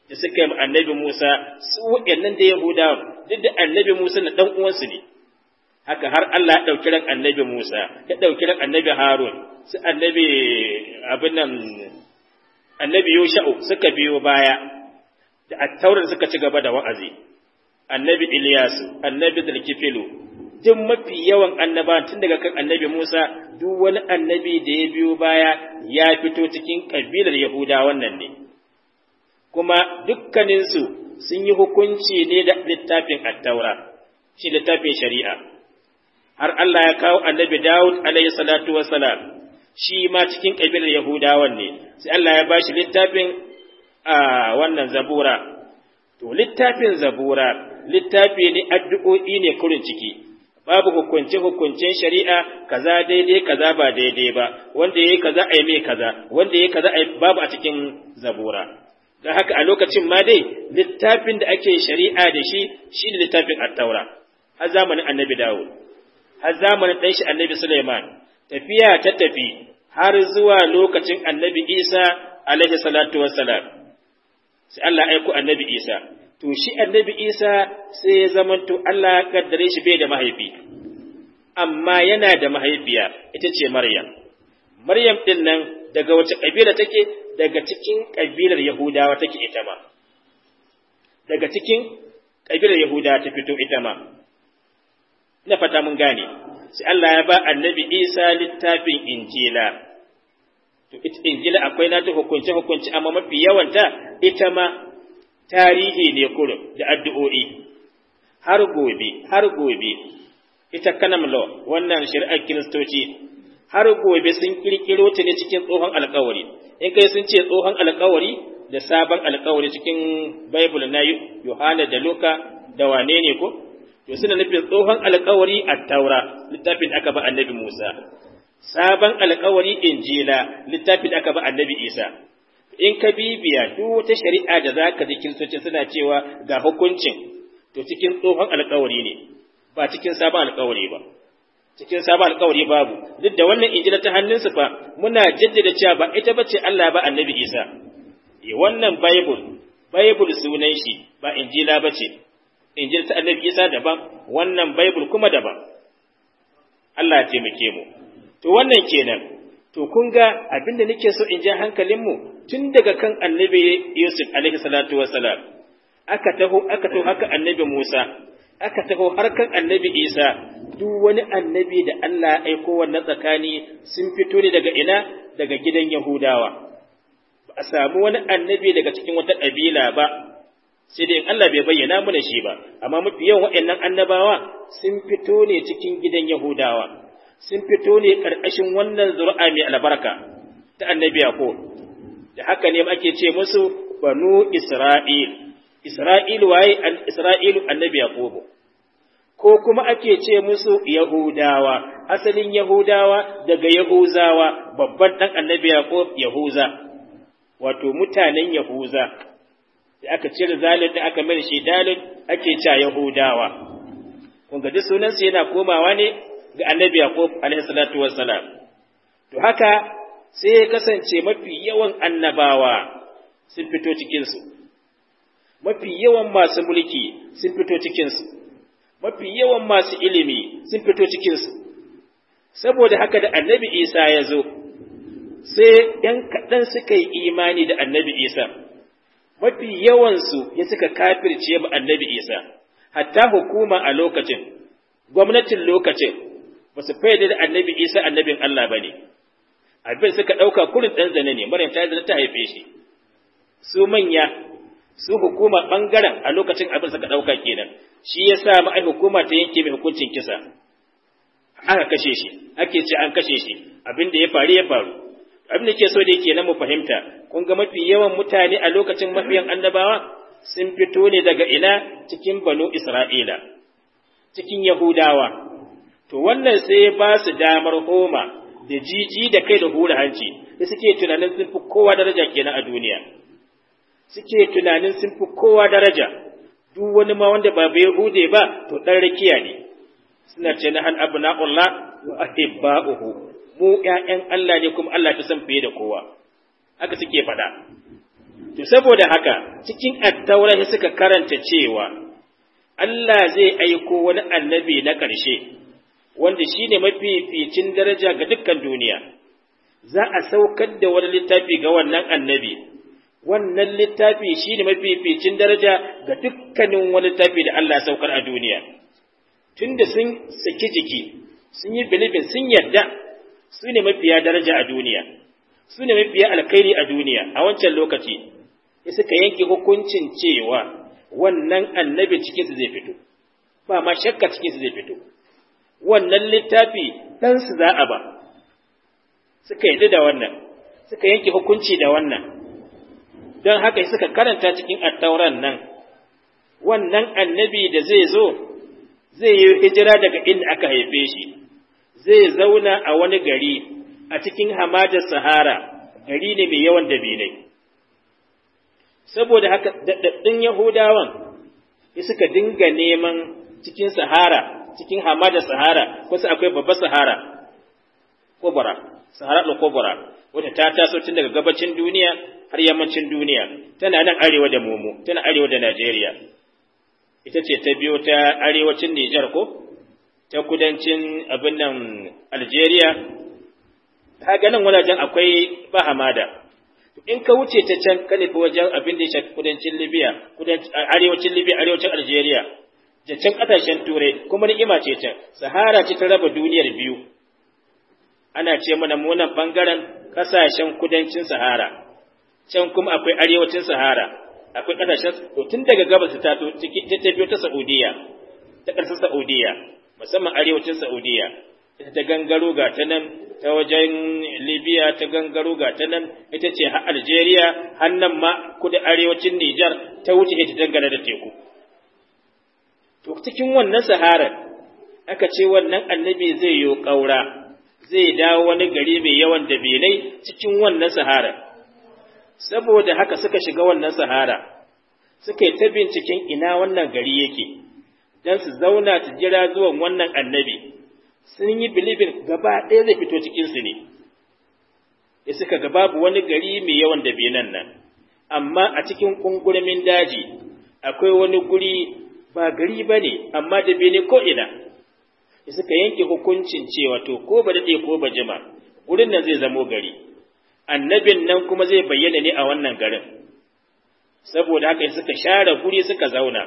da suka yi annabi Musa su waɗannan da yahuda duk da annabi Musa na ɗan uwansu ne haka har Allah ya ɗauki ran annabi Musa ya ɗauki ran annabi Harun su annabi abin nan annabi Yusha'u suka biyo baya da attaurin suka ci gaba da wa'azi annabi Ilyasu annabi Zulkifilu duk mafi yawan annaba tun daga kan annabi Musa duk wani annabi da ya biyo baya ya fito cikin kabilar Yahuda wannan ne kuma dukkaninsu sun yi hukunci ne da littafin attaura shi littafin shari'a har Allah ya kawo annabi Dawud alaihi salatu wassalam shi ma cikin kabilar Yahudawan ne sai Allah ya bashi littafin a wannan zabura to littafin zabura littafi ne addu'o'i ne kurin ciki babu hukunce hukuncen shari'a kaza daidai kaza ba daidai ba wanda yayi kaza ai mai kaza wanda yayi kaza ai babu a cikin zabura dan haka a lokacin ma dai littafin da ake shari'a da shi shine littafin at-taura har zamanin annabi Dawud har zamanin dan shi annabi Sulaiman tafiya ta tafi har zuwa lokacin annabi Isa alaihi salatu wassalam sai Allah ya aiko annabi Isa to shi annabi Isa sai ya zamanto Allah ya kaddare shi bai da mahaifi amma yana da mahaifiya ita ce Maryam Maryam din nan daga wace kabila take daga cikin kabilar Yahudawa take ita ma daga cikin kabilar Yahudawa ta fito ita ma ina fata mun gane sai Allah ya ba annabi Isa littafin Injila to ita akwai nata hukunce hukunce amma mafi yawanta ita ma tarihi ne kurum da addu'o'i har gobe har gobe ita kanam law wannan shari'ar kiristoci har gobe sun kirkiro ta ne cikin tsohon alkawari in kai sun ce tsohon alkawari da sabon alkawari cikin bible na yohana da luka da wane ne ko to suna nufin tsohon alkawari a taura littafin aka ba annabi musa sabon alƙawari injila littafin da aka ba annabi isa in ka bibiya duk wata shari'a da za ka ji kiristoci suna cewa ga hukuncin to cikin tsohon alƙawari ne ba cikin sabon alƙawari ba cikin sabon alƙawari babu duk da wannan injila ta hannunsu fa muna jaddada cewa ba ita bace Allah ba annabi isa eh, wannan bible bible sunan shi ba injila bace Injila ta annabi isa daban wannan bible kuma daban Allah ya taimake mu to wannan kenan to kun ga abinda nake so in ji hankalinmu tun daga kan annabi Yusuf alaihi salatu wassalam aka taho aka taho haka annabi Musa aka taho har kan annabi Isa duk wani annabi da Allah ya aiko wannan tsakani sun fito ne daga ina daga gidan Yahudawa ba a samu wani annabi daga cikin wata kabila ba sai dai Allah bai bayyana mana shi ba amma mafi yawan waɗannan annabawa sun fito ne cikin gidan Yahudawa sun fito ne ƙarƙashin wannan zuri'a mai albarka ta annabi ko da haka ne ake ce musu banu Isra'il Isra'il waye an Isra'ilu annabi ko kuma ake ce musu Yahudawa asalin Yahudawa daga Yahuzawa babban dan annabi Yaqub Yahuza wato mutanen Yahuza da aka cire zalin da aka mai shi dalin ake cewa Yahudawa kun ga duk sunansu yana komawa ne ga annabi Yaqub alaihi salatu wassalam to haka sai ya kasance mafi yawan annabawa sun fito cikinsu mafi yawan masu mulki sun fito cikinsu mafi yawan masu ilimi sun fito cikinsu saboda haka da annabi Isa ya zo sai ‘yan kaɗan suka yi imani da annabi Isa, mafi yawansu ya suka kafirce ma annabi Isa, hatta hukuma a lokacin, gwamnatin lokacin, ba su fayyade da annabi isa annabin Allah ba ne abin suka ɗauka kurin ɗan zane ne maryam ta zana ta haife shi su manya su hukuma ɓangaren a lokacin abin suka ɗauka kenan shi ya sa ma'ai hukuma ta yanke mai hukuncin kisa aka kashe shi ake ce an kashe shi abin da ya faru ya faru abin da ke so da yake nan mu fahimta kun ga mafi yawan mutane a lokacin mafiyan annabawa sun fito ne daga ina cikin banu isra'ila cikin yahudawa to wannan sai ya ba su damar homa da jiji da kai da hura hanci da suke tunanin sun fi kowa daraja kenan a duniya suke tunanin sun fi kowa daraja duk wani ma wanda ba bai hude ba to dan rakiya ne suna ce na han abna'ullah wa ahibba'uhu mu ƴaƴan Allah ne kuma Allah ta san fiye da kowa haka suke faɗa to saboda haka cikin attaura suka karanta cewa Allah zai aiko wani annabi na ƙarshe wanda shi ne mafificin daraja ga dukkan duniya, za a saukar da wani littafi ga wannan annabi, wannan littafi shi ne mafificin daraja ga dukkanin wani littafi da Allah saukar a duniya. Tunda sun saki jiki, sun yi bilibin sun yarda su ne mafiya daraja a duniya, su ne mafiya alkhairi a duniya a wancan lokaci, suka yanke hukuncin cewa wannan annabi cikinsu zai fito, ba ma shakka cikinsu zai fito. wannan littafi ɗansu za a ba suka yi da wannan suka yanke hukunci da wannan don haka suka karanta cikin attauran nan wannan annabi da zai zo zai yi hijira daga inda aka haife shi zai zauna a wani gari a cikin hamadar sahara gari ne mai yawan dabinai saboda haka daɗaɗɗun yahudawan suka dinga neman cikin sahara cikin hamada sahara kusa akwai babbar sahara kobara sahara ɗin kobara wata ta taso tun daga gabacin duniya har yammacin duniya tana nan arewa da momo tana arewa da najeriya ita ce ta biyo ta arewacin nijar ko ta kudancin abin nan algeria ta ganin wajen akwai ba hamada in ka wuce ta can kalifa wajen abin da ya shafi kudancin libya kudancin arewacin libya arewacin algeria jaccen ƙasashen turai kuma ni'ima ce can sahara ce ta raba duniyar biyu ana ce mana munan bangaren ƙasashen kudancin sahara can kuma akwai arewacin sahara akwai ƙasashen to tun daga gabas ta to ta biyo ta saudiya ta ƙasar saudiya musamman arewacin saudiya ita ta gangaro ga ta nan ta wajen libya ta gangaro ga ta nan ita ce har algeria har nan ma kudu arewacin nijar ta wuce ita dangane da teku to cikin wannan saharar aka ce wannan annabi zai yi ƙaura zai dawo wani gari mai yawan dabilai cikin wannan sahara saboda haka suka shiga wannan sahara suka yi ta binciken ina wannan gari yake don su zauna su jira zuwan wannan annabi sun yi bilibin gaba ɗaya zai fito cikinsu ne ya suka ga babu wani gari mai yawan dabinan nan amma a cikin ƙungurmin daji akwai wani guri ba gari ba ne amma da bene ko ina suka yanke hukuncin cewa to ko ba daɗe ko ba jima wurin nan zai zamo gari annabin nan kuma zai bayyana ne a wannan garin saboda haka suka share guri suka zauna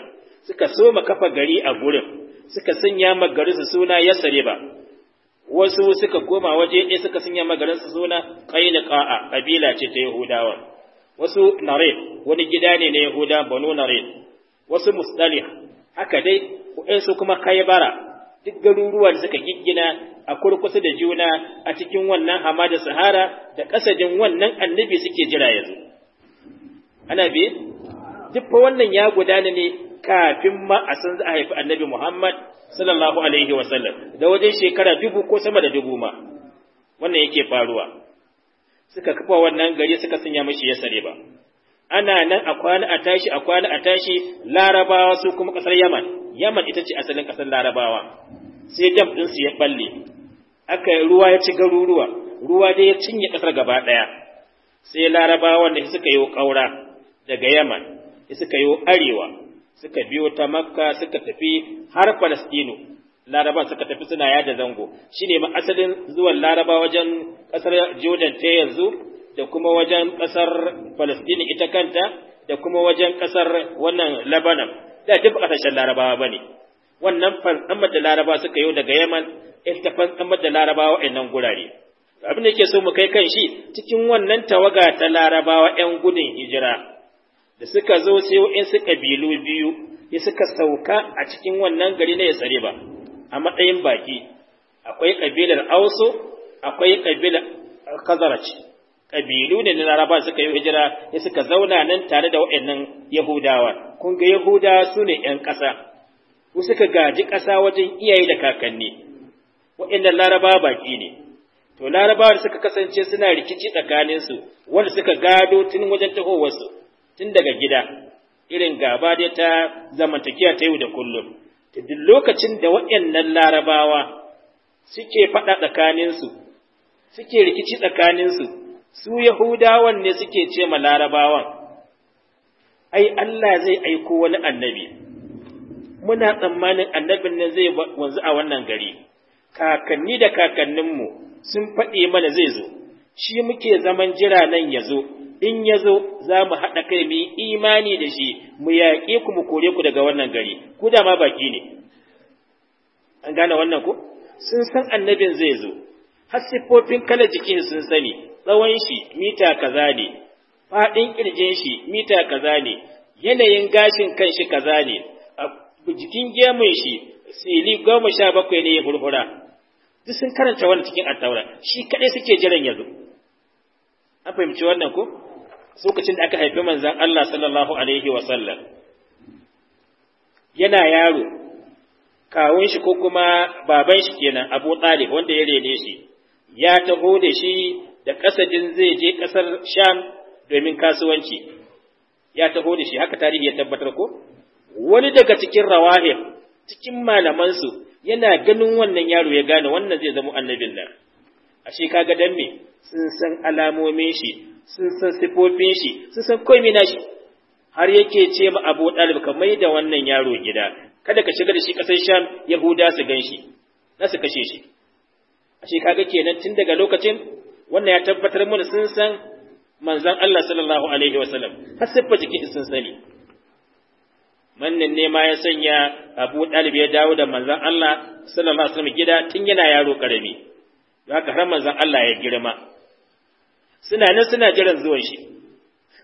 suka soma kafa gari a gurin suka sanya ma garin su suna yasare ba wasu suka koma waje ɗaya suka sanya ma garin su suna ƙa'a kabila ce ta yahudawa wasu nare wani gida ne na yahuda banu narid wasu mustalih haka dai waɗansu kuma kaibara duk garuruwa da suka giggina a kurkusa da juna a cikin wannan hamada sahara da kasajin wannan annabi suke jira yanzu ana bi duk fa wannan ya gudana ne kafin ma a san za a haifi annabi Muhammad sallallahu alaihi wa sallam da wajen shekara dubu ko sama da dubu ma wannan yake faruwa suka kafa wannan gari suka sanya mashi ya sare ba ana nan a kwana a tashi a kwana a tashi larabawa su kuma ƙasar yaman yaman ita ce asalin ƙasar larabawa sai dam su ya balle aka yi ruwa ya ci garuruwa ruwa dai ya cinye ƙasar gaba ɗaya sai larabawa da suka yi ƙaura daga yaman suka yi arewa suka biyo ta makka suka tafi har palestino Larabawa suka tafi suna yada zango shine ma asalin zuwan laraba wajen ƙasar jordan ta yanzu da kuma wajen ƙasar Falasɗin ita kanta da kuma wajen ƙasar wannan Lebanon da duk ƙasashen Larabawa ba ne. Wannan fantsamar da Laraba suka yi daga Yaman ita fantsamar da Larabawa waɗannan gurare. Abin da yake so mu kai kan shi cikin wannan tawaga ta Larabawa ‘yan gudun hijira da suka zo sai waɗansu ƙabilu biyu ya suka sauka a cikin wannan gari na ba. a matsayin baki akwai ƙabilar Auso, akwai ƙabilar Khazaraj ƙabilu ne na laraba suka yi hijira ya suka zauna nan tare da wa'annan yahudawa kun ga yahudawa su ne ‘yan ƙasa ku suka gaji ƙasa wajen iyaye da kakanni wa'annan laraba baƙi ne to laraba da suka kasance suna rikici tsakaninsu wanda suka gado tun wajen tahowarsu tun daga gida irin gaba dai ta zamantakiya ta yau da kullum to duk lokacin da wa'annan larabawa suke faɗa tsakaninsu suke rikici tsakaninsu su Yahudawan ne suke ce ma larabawan, ai, Allah zai aiko wani annabi, muna tsammanin annabin nan zai wanzu a wannan gari, kakanni da kakanninmu sun faɗi mana zai zo, shi muke zaman jira nan ya zo, in ya zo za mu haɗa kai mu imani da shi, mu yaƙe ku mu kore ku daga wannan gari, ku da ma baki ne. An gane wannan ku? Sun san annabin zai zo, har siffofin kala jikin sun sani tsawon shi mita kaza ne faɗin ƙirjin shi mita kaza ne yanayin gashin kan shi kaza ne a jikin gemun shi sili goma sha bakwai ne ya hurhura duk sun karanta wannan cikin attaura shi kaɗai suke jiran yanzu an fahimci wannan ko lokacin da aka haifi manzon Allah sallallahu alaihi wa sallam yana yaro kawun shi ko kuma baban shi kenan Abu Talib wanda ya rene shi ya taho da shi da kasadin zai je ƙasar Sham domin kasuwanci, ya taho da shi haka tarihi ya tabbatar ko? Wani daga cikin rawahir, cikin malamansu yana ganin wannan yaro ya gane wannan zai zama annabin nan. Ashe kaga dan me sun san alamomin shi, sun san sifofin shi, sun san komai na shi. Har yake ce ma Abu Dalib ka mai da wannan yaro gida, kada ka shiga da shi ƙasar Sham Yahuda su gan shi, na su kashe shi. ashe kaga kenan tun daga lokacin wannan ya tabbatar mana sun san manzon Allah sallallahu alaihi wasallam har siffa jikin sun sani mannin ne ma ya sanya Abu Dalib ya dawo da manzon Allah sallallahu alaihi wasallam gida tun yana yaro karami haka har manzon Allah ya girma suna nan suna jiran zuwan shi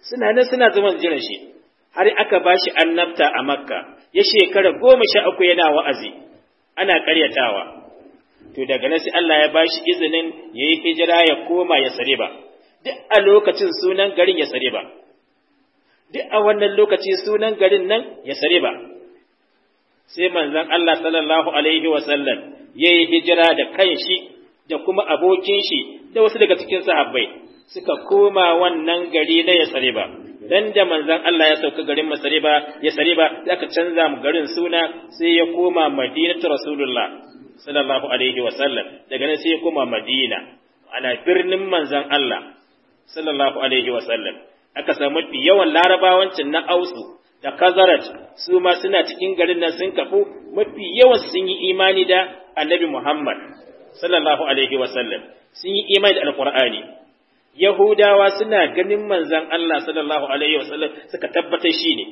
suna nan suna zaman jiran shi har aka bashi annabta a Makka ya shekara goma sha uku yana wa'azi ana karyatawa to daga nan sai Allah ya bashi izinin ya yi hijira ya koma ya sare ba duk a lokacin sunan garin ya sare ba duk a wannan lokaci sunan garin nan ya sare ba sai manzon Allah sallallahu alaihi wa ya yi hijira da kanshi da kuma abokin shi da wasu daga cikin sahabbai suka koma wannan gari na ba. dan da manzon Allah ya sauka garin Masariba sare ba, aka canza mu garin suna sai ya koma Madinatu Rasulullah sallallahu alaihi wa sallam daga nan sai ya koma Madina ana birnin manzan Allah sallallahu alaihi wa sallam aka samu mafi yawan larabawancin na Ausu da Kazarat su ma suna cikin garin nan sun kafu mafi yawan sun yi imani da Annabi Muhammad sallallahu alaihi wa sallam sun yi imani da Alqur'ani Yahudawa suna ganin manzan Allah sallallahu alaihi wa sallam suka tabbatar shi ne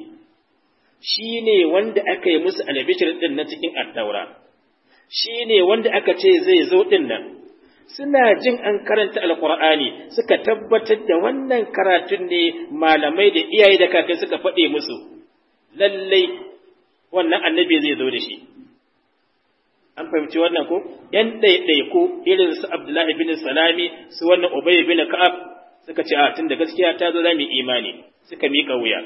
shi ne wanda aka yi musu albishir din na cikin attaura shi ne wanda aka ce zai zo ɗin nan suna jin an karanta alkur'ani suka tabbatar da wannan karatun ne malamai da iyaye da kakai suka faɗe musu lallai wannan annabi zai zo da shi an fahimci wannan ko yan ɗaiɗaiku irin su abdullahi bin salami su wannan ubay bin ka'ab suka ce a tun da gaskiya ta zo za mu imani suka miƙa wuya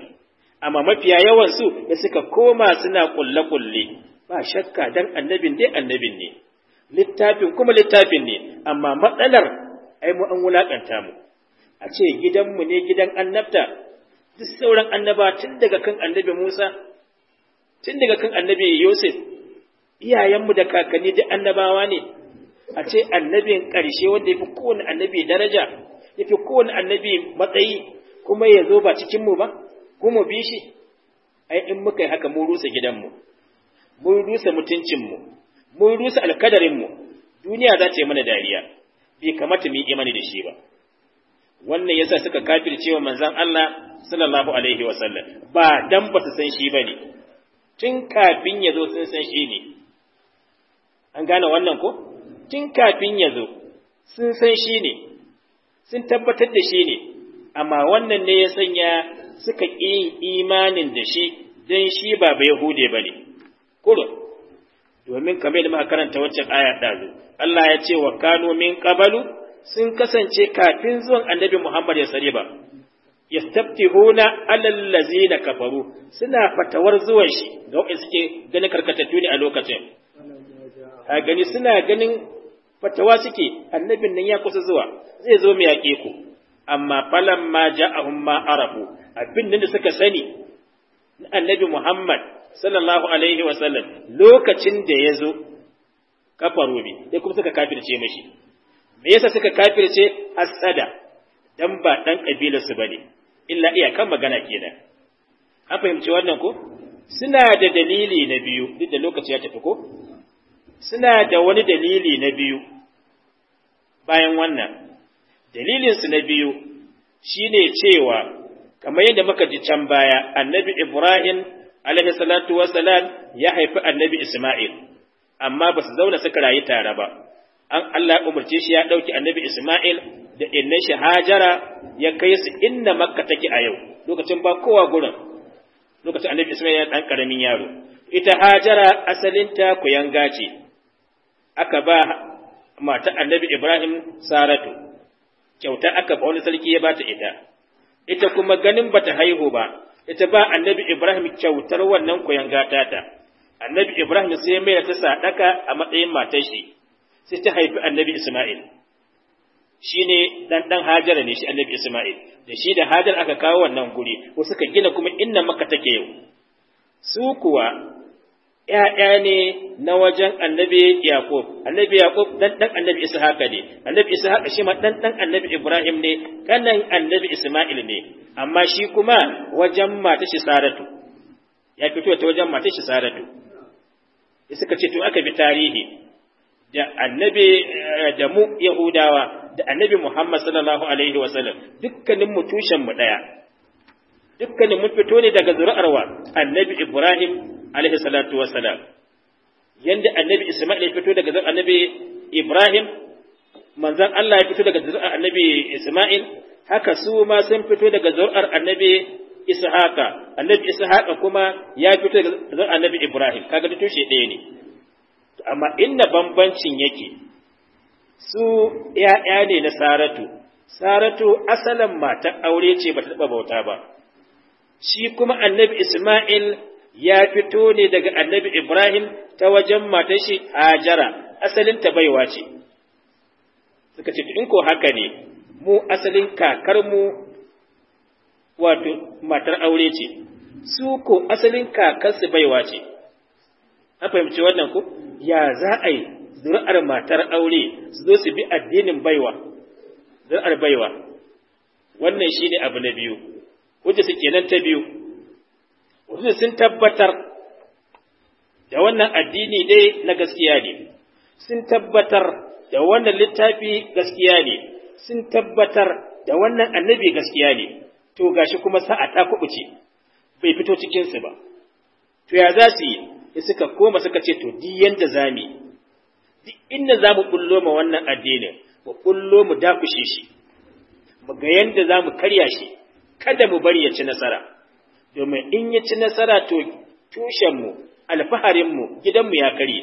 amma mafiya yawan su da suka koma suna ƙulle-ƙulle. ba shakka dan annabin dai annabin ne littafin kuma littafin ne amma matsalar ai mu an wulakanta mu a ce gidanmu ne gidan annabta duk sauran annaba tun daga kan annabi Musa tun daga kan annabi Yusuf iyayenmu da kakanni duk annabawa ne a ce annabin ƙarshe wanda yafi kowane annabi daraja yafi kowane annabi matsayi kuma ya zo ba cikin mu ba kuma bi shi ai in muka yi haka mu rusa gidanmu mun rusa mutuncinmu mun rusa alkadarinmu duniya za ta yi mana dariya bai kamata mu yi imani da shi ba wannan yasa suka cewa manzon Allah sallallahu alaihi wasallam ba dan ba su san shi bane tun kafin ya zo sun san shi ne an gane wannan ko tun kafin ya zo sun san shi ne sun tabbatar da shi ne amma wannan ne ya sanya suka ƙi imanin da shi don shi ba bai hude ba ne kurun domin kamar da muka karanta waccan aya ɗazu Allah ya ce wa kanu min qabalu sun kasance kafin zuwan annabi Muhammad ya sare ba huna alal da kafaru suna fatawar zuwan shi ga wanda suke ganin karkatattu ne a lokacin a gani suna ganin fatawa suke annabin nan ya kusa zuwa zai zo mu yake ku amma ma ja'ahum ma arafu abin nan da suka sani na annabi Muhammad sallallahu alaihi wa sallam lokacin da ya zo kafaru bi sai kuma suka kafirce mashi me yasa suka kafirce asada dan ba dan kabilar su bane illa iya kan magana kenan an fahimci wannan ko suna da dalili na biyu duk da lokaci ya tafi ko suna da wani dalili na biyu bayan wannan dalilinsu na biyu shine cewa kamar yadda muka ji can baya annabi Ibrahim alaihi salatu wassalam ya haifi annabi Isma'il amma ba su zauna suka rayu tare ba an Allah umarci shi ya ɗauki annabi Isma'il da inna shi Hajara ya kai su inna Makka take a yau lokacin ba kowa gurin lokacin annabi Isma'il ya dan karamin yaro ita Hajara asalinta kuyanga ce aka ba mata annabi Ibrahim Saratu kyauta aka ba wani sarki ya ba ta ita ita kuma ganin bata haihu ba ita ba annabi Ibrahim kyautar wannan koyan gata ta annabi Ibrahim sai mayar mai ta sadaka a matsayin matar shi sai ta haifi annabi Isma'il shine dan dan Hajara ne shi annabi Isma'il da shi da Hajar aka kawo wannan guri ko suka gina kuma inna maka take yau su kuwa ‘ya'ya ne na wajen annabi Yaƙub, annabi Yaƙub ɗan ɗan annabi Ishaqa ne, annabi Ishaqa shi ma ɗan ɗan annabi Ibrahim ne, kanan annabi Ismail ne, amma shi kuma wajen mata shi Saratu, ya fito ta wajen mata shi Saratu. Suka ce to aka bi tarihi, da annabi eh, da mu Yahudawa, da annabi Muhammad sallallahu alaihi wa sallam, dukkanin mu tushen mu ɗaya. Dukkanin mun fito ne daga zuri'arwa annabi Ibrahim alaihi salatu salam yanda annabi Isma'il ya fito daga zan annabi Ibrahim manzan Allah ya fito daga zan annabi Isma'il haka su ma sun fito daga zuwar annabi Ishaqa annabi Ishaqa kuma ya fito daga zan annabi Ibrahim kaga tushe ɗaya ne amma inda bambancin yake su ƴaƴa ne na Saratu Saratu asalin matan aure ce ba ta taɓa bauta ba shi kuma annabi Isma'il ya fito ne daga annabi Ibrahim ta wajen matar shi Hajara asalin ta baiwa ce suka ce in ko haka ne mu asalin kakar mu wato matar aure ce su ko asalin kakarsu baiwa ce an fahimci wannan ku ya za a yi zuri'ar matar aure su zo su bi addinin baiwa zuri'ar baiwa wannan shine abu na biyu wajen su kenan ta biyu wasu sun tabbatar da wannan addini dai na gaskiya ne sun tabbatar da wannan littafi gaskiya ne sun tabbatar da wannan annabi gaskiya ne to gashi kuma sa'a ta kubuce bai fito cikin su ba to ya za su yi suka koma suka ce to di yanda zami duk inda za mu bullo ma wannan addinin mu bullo mu dakushe shi mu ga yanda za mu karya shi kada mu bari ya ci nasara domin in ya ci nasara to tushenmu alfaharinmu gidanmu ya karye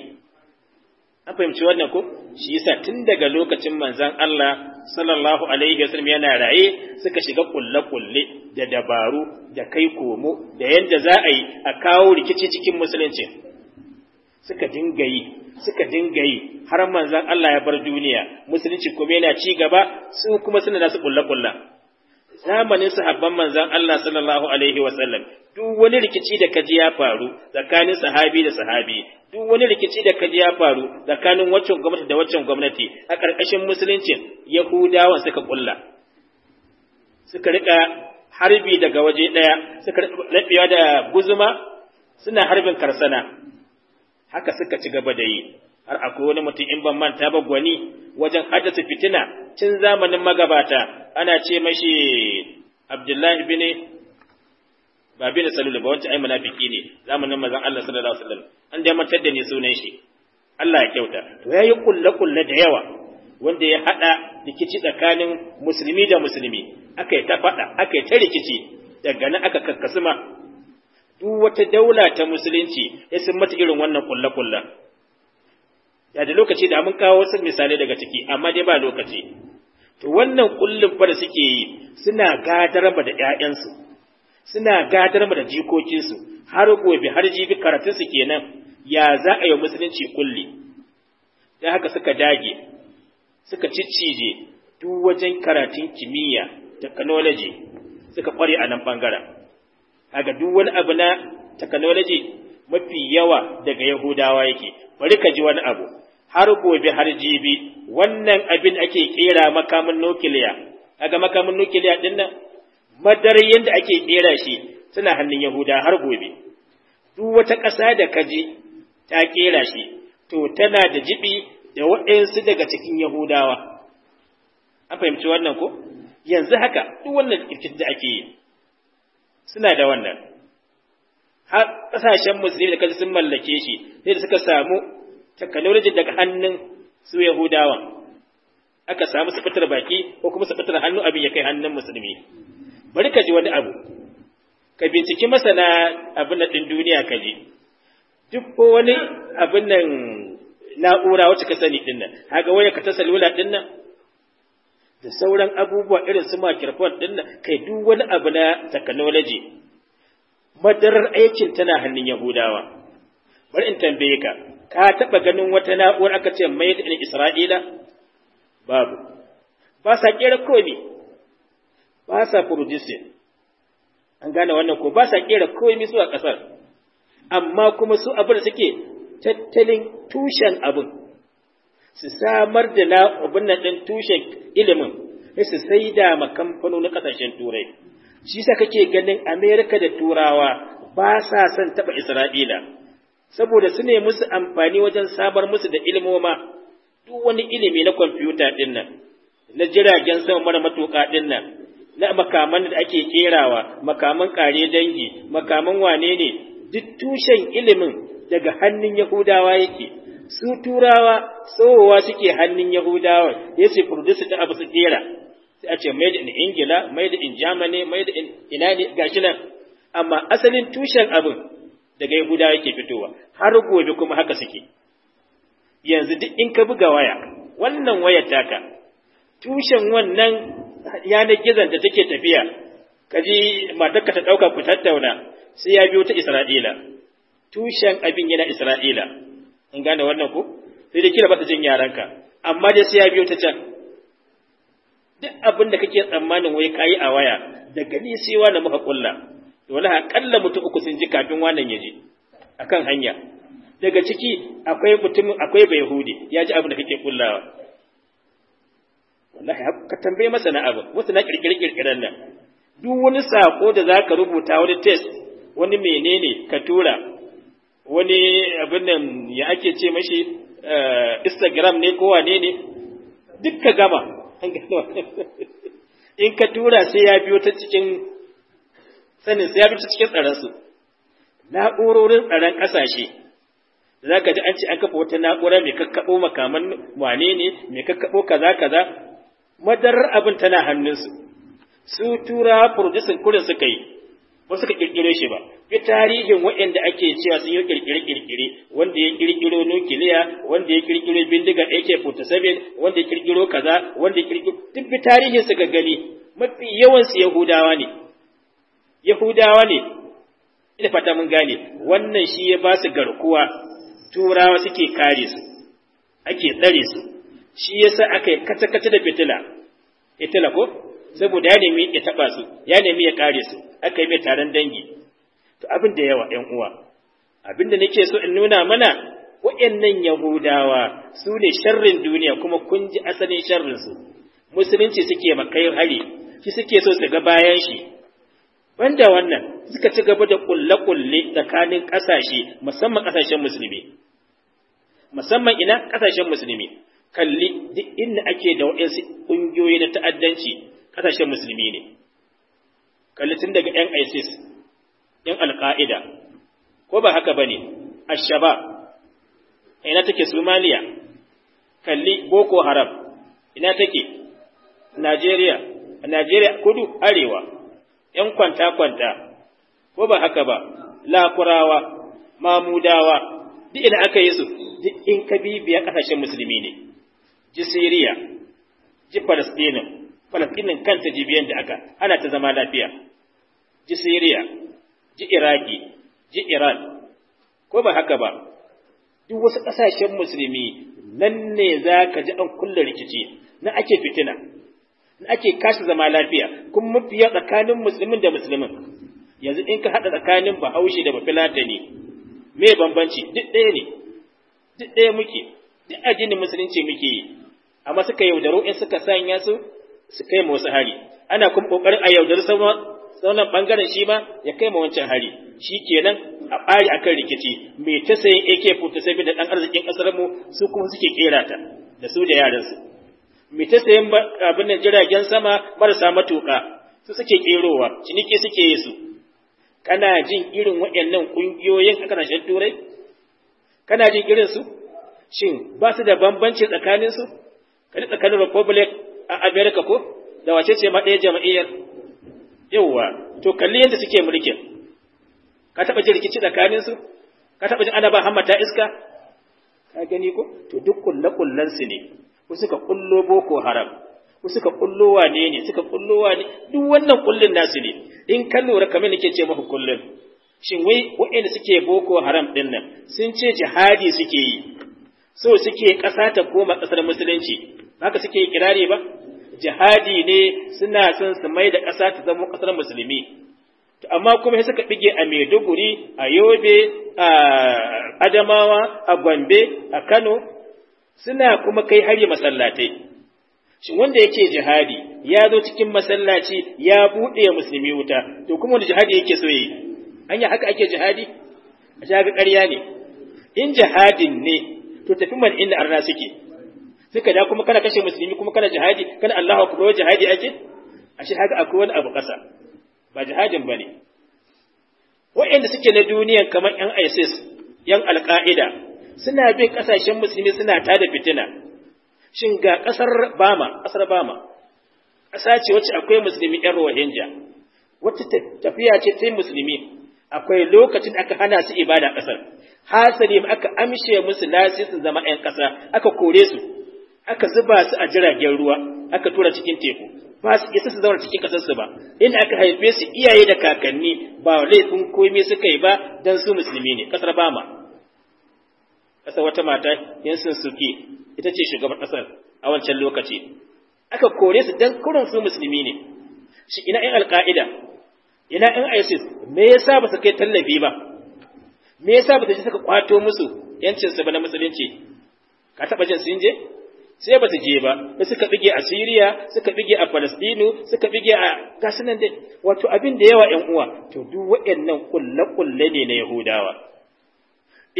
an fahimci wannan ko shi yasa tun daga lokacin manzan Allah sallallahu alaihi wasallam yana raye suka shiga kulle kulle da dabaru da kai komo da yadda za a yi a kawo rikici cikin musulunci suka dinga yi suka dinga yi har manzan Allah ya bar duniya musulunci kuma yana ci gaba su kuma suna nasu kulle kulle zamanin sahabban manzan Allah sallallahu alaihi wasallam duk wani rikici da kaji ya faru tsakanin sahabi da sahabi duk wani rikici da kaji ya faru tsakanin waccan gwamnati da waccan gwamnati a ƙarƙashin musuluncin yahudawan suka kulla suka rika harbi daga waje ɗaya suka rabewa da guzuma suna harbin karsana haka suka ci gaba da yi har akwai wani mutum in ban manta ba gwani wajen haddasa fitina tun zamanin magabata ana ce mashi Abdullahi bin ba bin Salul ba wacce ai munafiki ne zamanin manzon Allah sallallahu alaihi wasallam an da mutar da ne sunan shi Allah ya kyauta to yayi ƙulle kulle da yawa wanda ya hada rikici tsakanin musulmi da musulmi akai ta fada akai ta rikici daga nan aka kakkasuma duk wata daula ta musulunci ya sun mata irin wannan kulle kullen da da lokaci da mun kawo wasu misalai daga ciki amma dai ba lokaci to wannan kullum fa da suke yi suna gadar da ƴaƴansu suna gadar da jikokinsu har gobe har jibi karatunsu kenan ya za a yi musulunci kulli da haka suka dage suka ciccije duk wajen karatun kimiyya technology suka kware a nan bangaren kaga duk wani abu na technology mafi yawa daga Yahudawa yake bari ka ji wani abu har gobe har jibi wannan abin ake kera makamin nukiliya kaga makamin nukiliya din nan madar yanda ake kera shi suna hannun yahuda har gobe duk wata ƙasa da kaji ta kera shi to tana da jibi da waɗansu daga cikin yahudawa an fahimci wannan ko yanzu haka duk wannan kirkit da ake yi suna da wannan har ƙasashen musulmi da kaji sun mallake shi sai da suka samu technology daga hannun su Yahudawa aka samu su baki ko kuma su hannu abin ya kai hannun musulmi bari ka ji wani abu ka binciki masana abin na din duniya ka ji duk ko wani abin nan na'ura wacce ka sani din nan haga waya ka ta salula din nan da sauran abubuwa irin su makirfon din nan kai duk wani abu na technology madarar aikin tana hannun Yahudawa bari in tambaye ka ka taɓa ganin wata na'uwar aka ce mai da Isra'ila? Babu, ba sa ƙera komi, ba sa producing, an gane wannan ko ba sa ƙera komi zuwa ƙasar, amma kuma su abin suke tattalin tushen abin, su samar da na'ubin nan ɗin tushen ilimin, su sai da na ƙasashen turai. Shi sa kake ganin Amerika da Turawa ba sa son taɓa Isra'ila. saboda su ne musu amfani wajen sabar musu da ilmoma duk wani ilimi na kwamfuta ɗin nan na jiragen sama mara matuka ɗin nan na makaman da ake kerawa makaman ƙare dangi makaman wane ne duk tushen ilimin daga hannun yahudawa yake su turawa tsohowa suke hannun yahudawa ya su furdusu ta abu su kera sai a ce made in ingila made in germany made in ina ne gashi nan amma asalin tushen abin daga Yahuda yake fitowa har gobe kuma haka suke yanzu duk in ka buga waya wannan wayar taka tushen wannan yanar gizon da take tafiya kaji matarka ta dauka ku tattauna sai ya biyo ta Isra'ila tushen abin yana Isra'ila in gane wannan ku? sai da kira bata jin yaranka amma dai sai ya biyo ta can duk abin da kake tsammanin wai kayi a waya daga ni sai wani muka kulla Dole wallahi akalla mutum uku sun ji kafin wannan ya ji akan hanya daga ciki akwai mutum akwai bai yahudi ya ji abin da kake kullawa wallahi ka tambaye masa na abin wasu na kirkire kirkiren nan duk wani sako da zaka rubuta wani test wani menene ka tura wani abin nan ya ake ce mashi eh, Instagram ne ko wane ne duk ka gama in ka tura sai ya biyo ta cikin sanin sai ya bi cikin tsaronsu na'urorin tsaron ƙasashe za ka ji an ce an kafa wata na'ura mai kakkaɓo makaman wane ne mai kakkaɓo kaza kaza madarar abin tana hannunsu su tura furdisin kurin suka yi ba suka ƙirƙire shi ba Fi tarihin waɗanda ake cewa sun yi ƙirƙire ƙirƙire wanda ya ƙirƙiro nukiliya wanda ya ƙirƙiro bindigar AK47 wanda ya ƙirƙiro kaza wanda ya ƙirƙiro duk bi tarihin suka gani mafi yawan su Yahudawa ne yahudawa ne ina fata mun gane wannan shi ya ba su garkuwa turawa suke kare su ake tsare su shi ya sa aka yi kace-kace da fitila fitila ko saboda ya nemi ya taba su ya nemi ya kare su aka yi mai taron dangi to abin da yawa 'yan uwa abin da nake so in nuna mana waɗannan yahudawa su ne sharrin duniya kuma kun ji asalin sharrin su musulunci suke makai hari shi suke so su ga bayan shi banda wannan suka ci gaba da kulle-kulle tsakanin ƙasashe musamman ƙasashen musulmi musamman ina ƙasashen musulmi kalli duk inda ake da waɗansu ƙungiyoyi na ta'addanci ƙasashen musulmi ne kalli tun daga yan isis yan Al-Qa'ida, ko ba haka ba ne ashaba ina take somaliya kalli boko haram ina take najeriya najeriya kudu arewa ‘yan kwanta-kwanta, ko ba haka ba, lakurawa, mamudawa, duk ina aka yi su, duk in ka bibiya ƙasashen musulmi ne, ji Siriya, ji Falastinin, Falastinin kanta jibiyan da aka, ana ta zama lafiya, ji Siriya, ji Iraki, ji Iran, ko ba haka ba, duk wasu ƙasashen musulmi nan ne za ka ji an kulle rikici, na ake fitina. ake kashi zama lafiya kuma mafi mafiya tsakanin musulmin da musulmin yanzu in ka haɗa tsakanin bahaushe da ne me bambanci duk ɗaya ne duk ɗaya muke duk addinin musulunci muke yi amma suka yaudaro in suka sanya su su kai ma wasu hari ana kuma kokarin a yaudaru sauran bangaren shi ma ya kai ma wancan hari shi kenan a ɓari akan rikici mai ta sayin ak-47 da ɗan arzikin ƙasar mu su kuma suke kera ta da su da yaransu mai ta sayan abin da jiragen sama marasa matuƙa su suke ƙerowa ciniki suke yi su kana jin irin waɗannan ƙungiyoyin a ƙarshen turai kana jin irin su shin ba su da bambanci tsakanin su ji tsakanin republic a america ko da wace ce ma ɗaya jama'iyyar yawwa to kalli yadda suke mulki. ka taɓa jin rikici tsakanin su ka taɓa jin ana ba hammata iska ka gani ko to duk kulle-kullen ne ku suka kullo boko haram ku suka kullo wane ne suka kullo wane duk wannan kullun nasu ne in ka lura kamar nake ce muku kullun shin wai waɗanda suke boko haram din nan sun ce jihadi suke yi so suke ƙasa ta koma ƙasar musulunci haka suke kirari ba jihadi ne suna son su mai da ƙasa ta zama ƙasar musulmi amma kuma sai suka bige a Maiduguri, a Yobe, a Adamawa, a Gombe, a Kano, suna kuma kai hari masallatai shin wanda yake jihadi ya zo cikin masallaci ya buɗe musulmi wuta to kuma wanda jihadi yake so yi anya haka ake jihadi a ga ƙarya ne in jihadin ne to tafi man inda arna suke suka da kuma kana kashe musulmi kuma kana jihadi kana Allahu akbar jihadi ake ashe haka akwai wani abu ƙasa ba jihadin bane waɗanda suke na duniyan kamar 'yan ISIS, 'yan Al-Qaida, suna bin ƙasashen musulmi suna tada fitina shin ga ƙasar bama ƙasar bama ƙasa ce wacce akwai musulmi ƴan rohingya wacce tafiya ce ta musulmi akwai lokacin aka hana su ibada ƙasar hasali aka amshe musu lasisin zama 'yan ƙasa aka kore su aka zuba su a jiragen ruwa aka tura cikin teku ba su isa su zauna cikin ƙasarsu ba In aka haife su iyaye da kakanni ba laifin komai suka yi ba dan su musulmi ne ƙasar bama ƙasar wata mata yansun suke ita ce shugaban ƙasar a wancan lokaci aka kore su don kurin su musulmi ne shi ina yan alƙa'ida ina yan isis me yasa ba su kai tallafi ba me yasa ba su suka kwato musu yancin ba na musulunci ka taɓa jin sun je sai ba su je ba sai suka bige a Syria suka bige a Palestine suka bige a gasunan dai wato abin da yawa 'yan uwa to duk waɗannan kulle-kulle ne na Yahudawa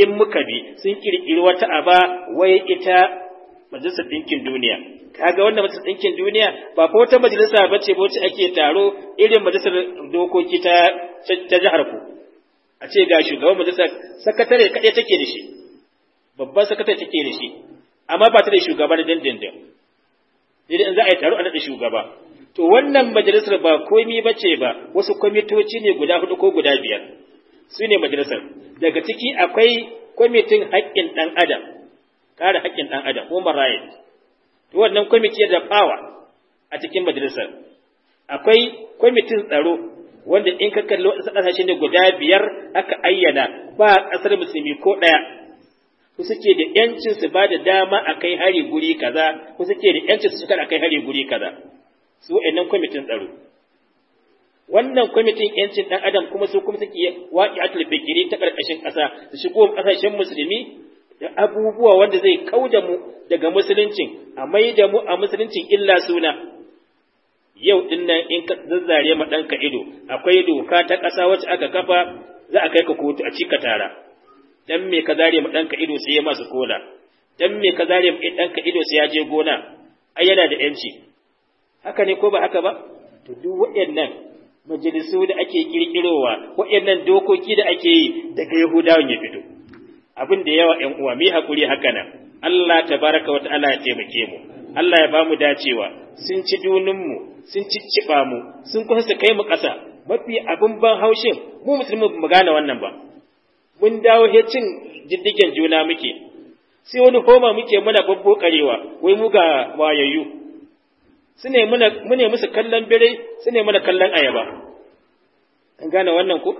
in muka bi sun kirkiri wata aba wai ita majalisar ɗinkin duniya kaga wannan majalisar ɗinkin duniya ba fa wata majalisa ba ce wacce ake taro irin majalisar dokoki ta ta jihar ku a ce ga shugaban majalisar sakatare kaɗai take da shi babban sakatare take da shi amma ba ta da shugaba da dindindin idan za a yi taro a naɗa shugaba to wannan majalisar ba komi ba ce ba wasu kwamitoci ne guda hudu ko guda biyar su ne majalisar daga ciki akwai kwamitin haƙƙin ɗan adam kare haƙƙin ɗan adam human rights to wannan kwamiti da fawa a cikin majalisar akwai kwamitin tsaro wanda in ka kalli wasu ƙasashe ne guda biyar aka ayyana ba ƙasar musulmi ko ɗaya ku suke da ‘yancin su ba da dama a kai hari guri kaza ku suke da ‘yancin su shigar a kai hari guri kaza su wa'annan kwamitin tsaro wannan kwamitin yancin dan adam kuma su kuma suke waqi'atul fikri ta karkashin ƙasa su shigo ƙasashen musulmi da abubuwa wanda zai kauda mu daga musuluncin a mai da mu a musuluncin illa suna yau din nan in ka zazzare ma ɗanka ido akwai doka ta ƙasa wacce aka kafa za a kai ka kotu a cika tara dan me ka zare ma ɗanka ido sai ya masu kola dan me ka zare ma ɗanka ido sai ya je gona ai yana da yanci haka ne ko ba haka ba to duk waɗannan majalisu da ake kirkirowa waɗannan dokoki da ake yi daga yahudawan ya fito abin da yawa ƴan uwa mi hakuri haka nan Allah tabaraka wa ta'ala ya taimake mu Allah ya bamu dacewa sun ci dunin mu sun cicciba mu sun kusa su kai mu ƙasa mafi abin ban haushin mu musulmi mu gane wannan ba mun dawo he cin diddigen juna muke sai wani homa muke muna babbo karewa wai mu ga wayayyu muna mune musu kallon bire, sune muna mana kallon ayaba an gane wannan ko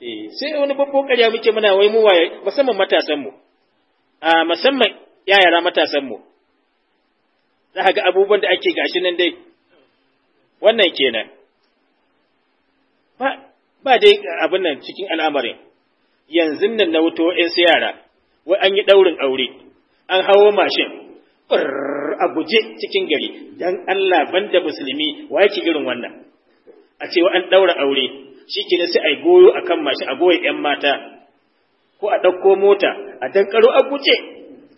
eh sai wani babbo ƙarya muke muna wai mu waye musamman matasan mu a musamman yayara matasan mu za ga abubuwan da ake gashi nan dai wannan kenan ba ba dai abin nan cikin al'amarin yanzu nan na wuto 'yan yara wai an yi ɗaurin aure an hawo mashin a guje cikin gari dan Allah banda musulmi wa yake irin wannan a cewa an ɗaura aure shi shikenan sai ai goyo akan mashi a goye yan mata ko a dauko mota a dankaro a guje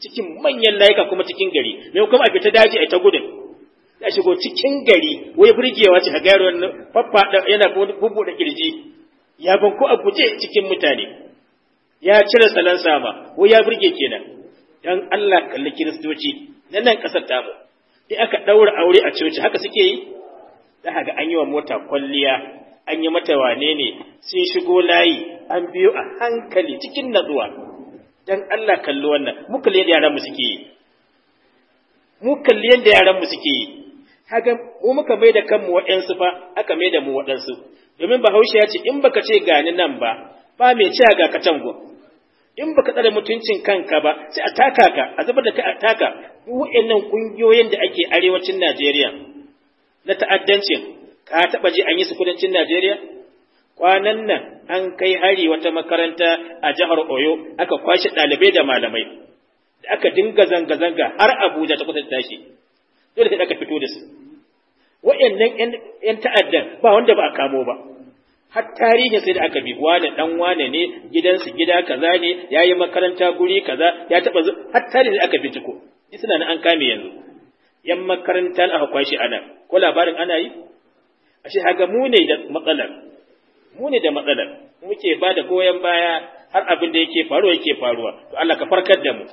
cikin manyan layuka kuma cikin gari me kuma a fita daji ai ta gudun ya shigo cikin gari wai burgewa ce a gayar wannan faffaɗa yana da kirji ya ban ko a guje cikin mutane ya cire salansa ba ko ya burge kenan dan Allah kalli kiristoci na nan ƙasar tamu sai aka ɗaura aure a coci haka suke yi da haka an yi wa mota kwalliya an yi mata wane ne sun shigo layi an biyo a hankali cikin natsuwa dan Allah kalli wannan mu kalli yaran mu suke yi mu kalli da yaran mu suke yi haka mu muka mai da kanmu waɗansu fa aka mai da mu waɗansu domin bahaushe ya ce in baka ce gani nan ba ba mai ci ga go in baka tsare mutuncin kanka ba sai a taka ka a zubar da kai a taka wa'annan kungiyoyin da ake arewacin Najeriya na ta'addanci, ka taba ji an yi su kudancin Najeriya kwanan nan an kai hari wata makaranta a jihar Oyo aka kwashe ɗalibai da malamai da aka dinga zanga-zanga har Abuja ta kusa tashi dole sai aka fito da su wa'annan 'yan ta'addan ba wanda ba a kamo ba har tarihin sai da aka bi wane dan wane ne gidansu gida kaza ne yayi makaranta guri kaza ya taba har tarihin aka bi tuko suna nan an kame yanzu yan makaranta aka kwashi ana ko labarin ana yi ashe haga mu ne da matsalar mu ne da matsalar muke ba da goyon baya har abin da yake faruwa yake faruwa to Allah ka farkar da mu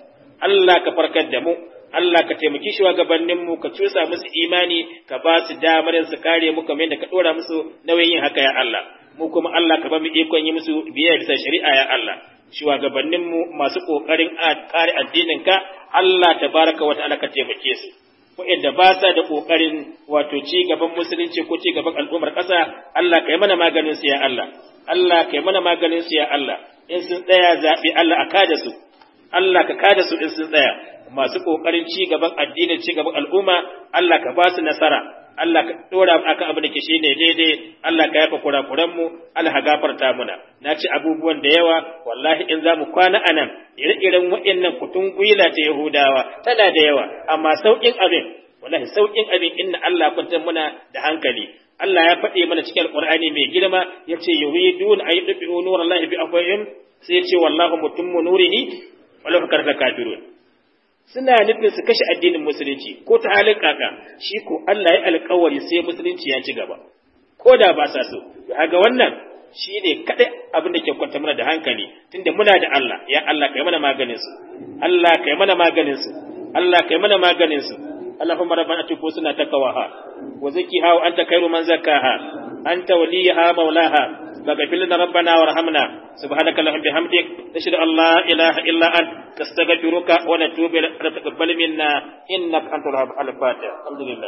Allah ka farkar da mu Allah ka taimaki shugabannin mu ka cusa musu imani ka ba su damar su kare mu kamar yadda ka dora musu nauyin yin haka ya Allah mu kuma Allah ka ba mu ikon yi musu biyayya bisa shari'a ya Allah shugabannin mu masu kokarin kare addinin ka Allah tabaraka wa ta'ala ka taimake su waɗanda ba sa da kokarin wato ci gaban musulunci ko ci gaban al'ummar ƙasa Allah ka yi mana maganin su ya Allah Allah ka yi mana maganin su ya Allah in sun tsaya zaɓi Allah a kada su Allah ka kada su in sun tsaya masu kokarin ci gaban addinin ci gaban al'umma Allah ka ba su nasara Allah ka dora mu akan abin da ke shine daidai Allah ka yafa kurakuran mu Allah gafarta muna na ci abubuwan da yawa wallahi in zamu kwana anan ire-iren waɗannan kutun gwila ta Yahudawa tana da yawa amma sauƙin abin wallahi sauƙin abin inna Allah kwantar muna da hankali Allah ya faɗi mana cikin Alƙur'ani mai girma yace ce yuridun ayyudu nurallahi bi afwahim sai ya ce wallahu mutummu nurihi walau da kafirun suna nufin su kashe addinin musulunci ko ta halin kaka shi ko Allah ya alkawari sai musulunci ya ci gaba ko da ba sa so ga wannan shine kaɗai abin da ke kwanta mana da hankali tunda muna da Allah ya Allah kai mana maganin su Allah kai mana maganin su Allah kai mana maganin su Allahumma rabbana atifu suna takawaha wa zakiha wa anta khairu man zakaha anta maulaha فاغفر لنا ربنا وارحمنا سبحانك اللهم بحمدك نشهد ان لا اله الا انت نستغفرك ونتوب اليك تقبل منا انك انت الوهاب الفاتح الحمد لله